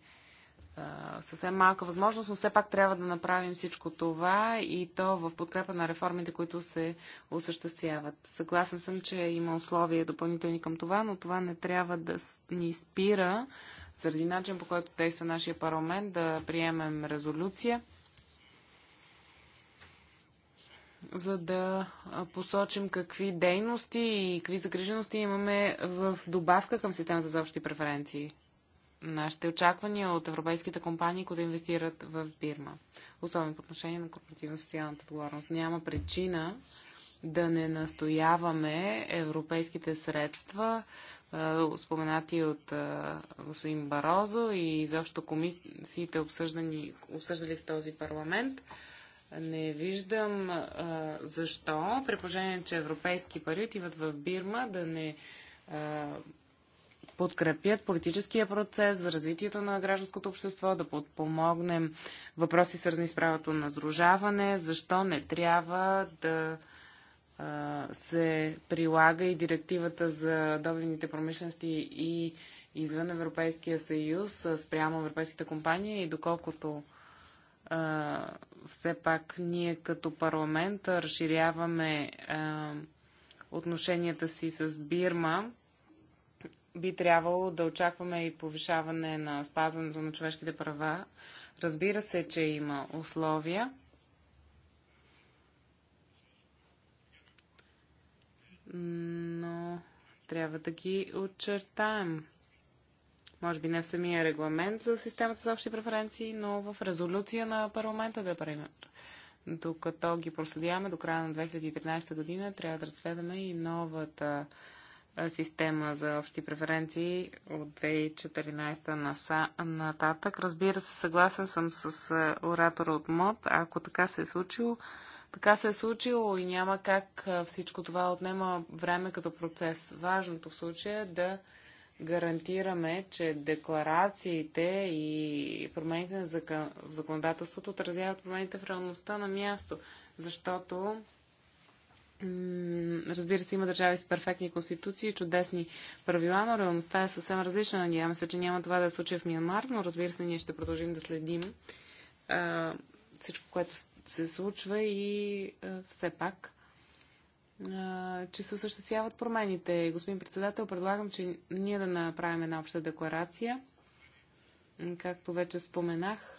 а, съвсем малка възможност, но все пак трябва да направим всичко това и то в подкрепа на реформите, които се осъществяват. Съгласен съм, че има условия допълнителни към това, но това не трябва да ни спира заради начин по който действа нашия парламент да приемем резолюция за да посочим какви дейности и какви загрижености имаме в добавка към системата за общи преференции. Нашите очаквания от европейските компании, които инвестират в Бирма, особено по отношение на корпоративно-социалната отговорност. Няма причина да не настояваме европейските средства, споменати от господин Барозо и изобщо комисиите обсъждали в този парламент, не виждам а, защо, при положение, че европейски пари отиват в Бирма, да не а, подкрепят политическия процес за развитието на гражданското общество, да подпомогнем въпроси свързани с правото на сдружаване, защо не трябва да а, се прилага и директивата за добивните промишлености и извън Европейския съюз спрямо европейските компании и доколкото все пак ние като парламент разширяваме а, отношенията си с Бирма, би трябвало да очакваме и повишаване на спазването на човешките права. Разбира се, че има условия. Но трябва да ги очертаем може би не в самия регламент за системата за общи преференции, но в резолюция на парламента, да пример. Докато ги проследяваме до края на 2013 година, трябва да разследваме и новата система за общи преференции от 2014 на СА нататък. Разбира се, съгласен съм с оратора от МОД. Ако така се е случило, така се е случило и няма как всичко това отнема време като процес. Важното в случая е да гарантираме, че декларациите и промените на в законодателството отразяват промените в реалността на място, защото Разбира се, има държави с перфектни конституции, чудесни правила, но реалността е съвсем различна. Надявам се, че няма това да е случай в Миянмар, но разбира се, ние ще продължим да следим всичко, което се случва и все пак че се осъществяват промените. Господин председател, предлагам, че ние да направим една обща декларация. Както вече споменах,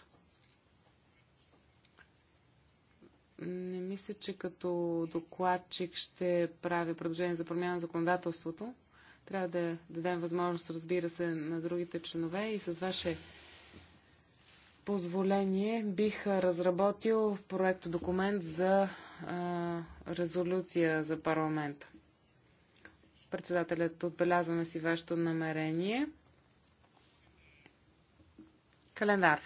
не мисля, че като докладчик ще прави предложение за промяна на законодателството. Трябва да дадем възможност, разбира се, на другите членове и с ваше позволение бих разработил проект документ за резолюция за парламента. Председателят, отбелязваме си вашето намерение. Календар.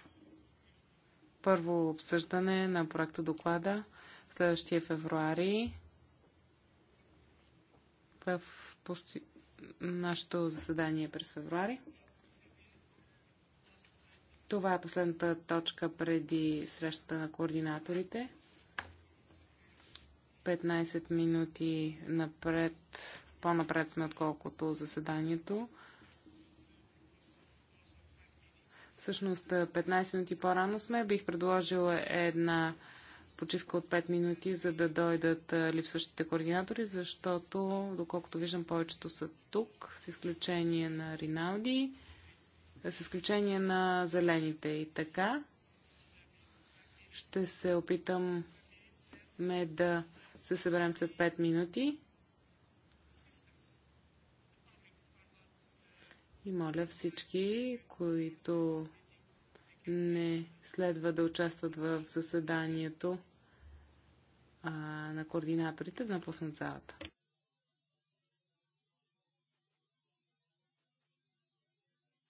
Първо обсъждане на проекта доклада следващия февруари в пусти... нашето заседание е през февруари. Това е последната точка преди срещата на координаторите. 15 минути напред, по-напред сме отколкото заседанието. Всъщност 15 минути по-рано сме. Бих предложила една почивка от 5 минути, за да дойдат липсващите координатори, защото, доколкото виждам, повечето са тук, с изключение на Риналди, с изключение на зелените и така. Ще се опитам ме да се съберем след 5 минути. И моля всички, които не следва да участват в заседанието а, на координаторите, да напуснат залата.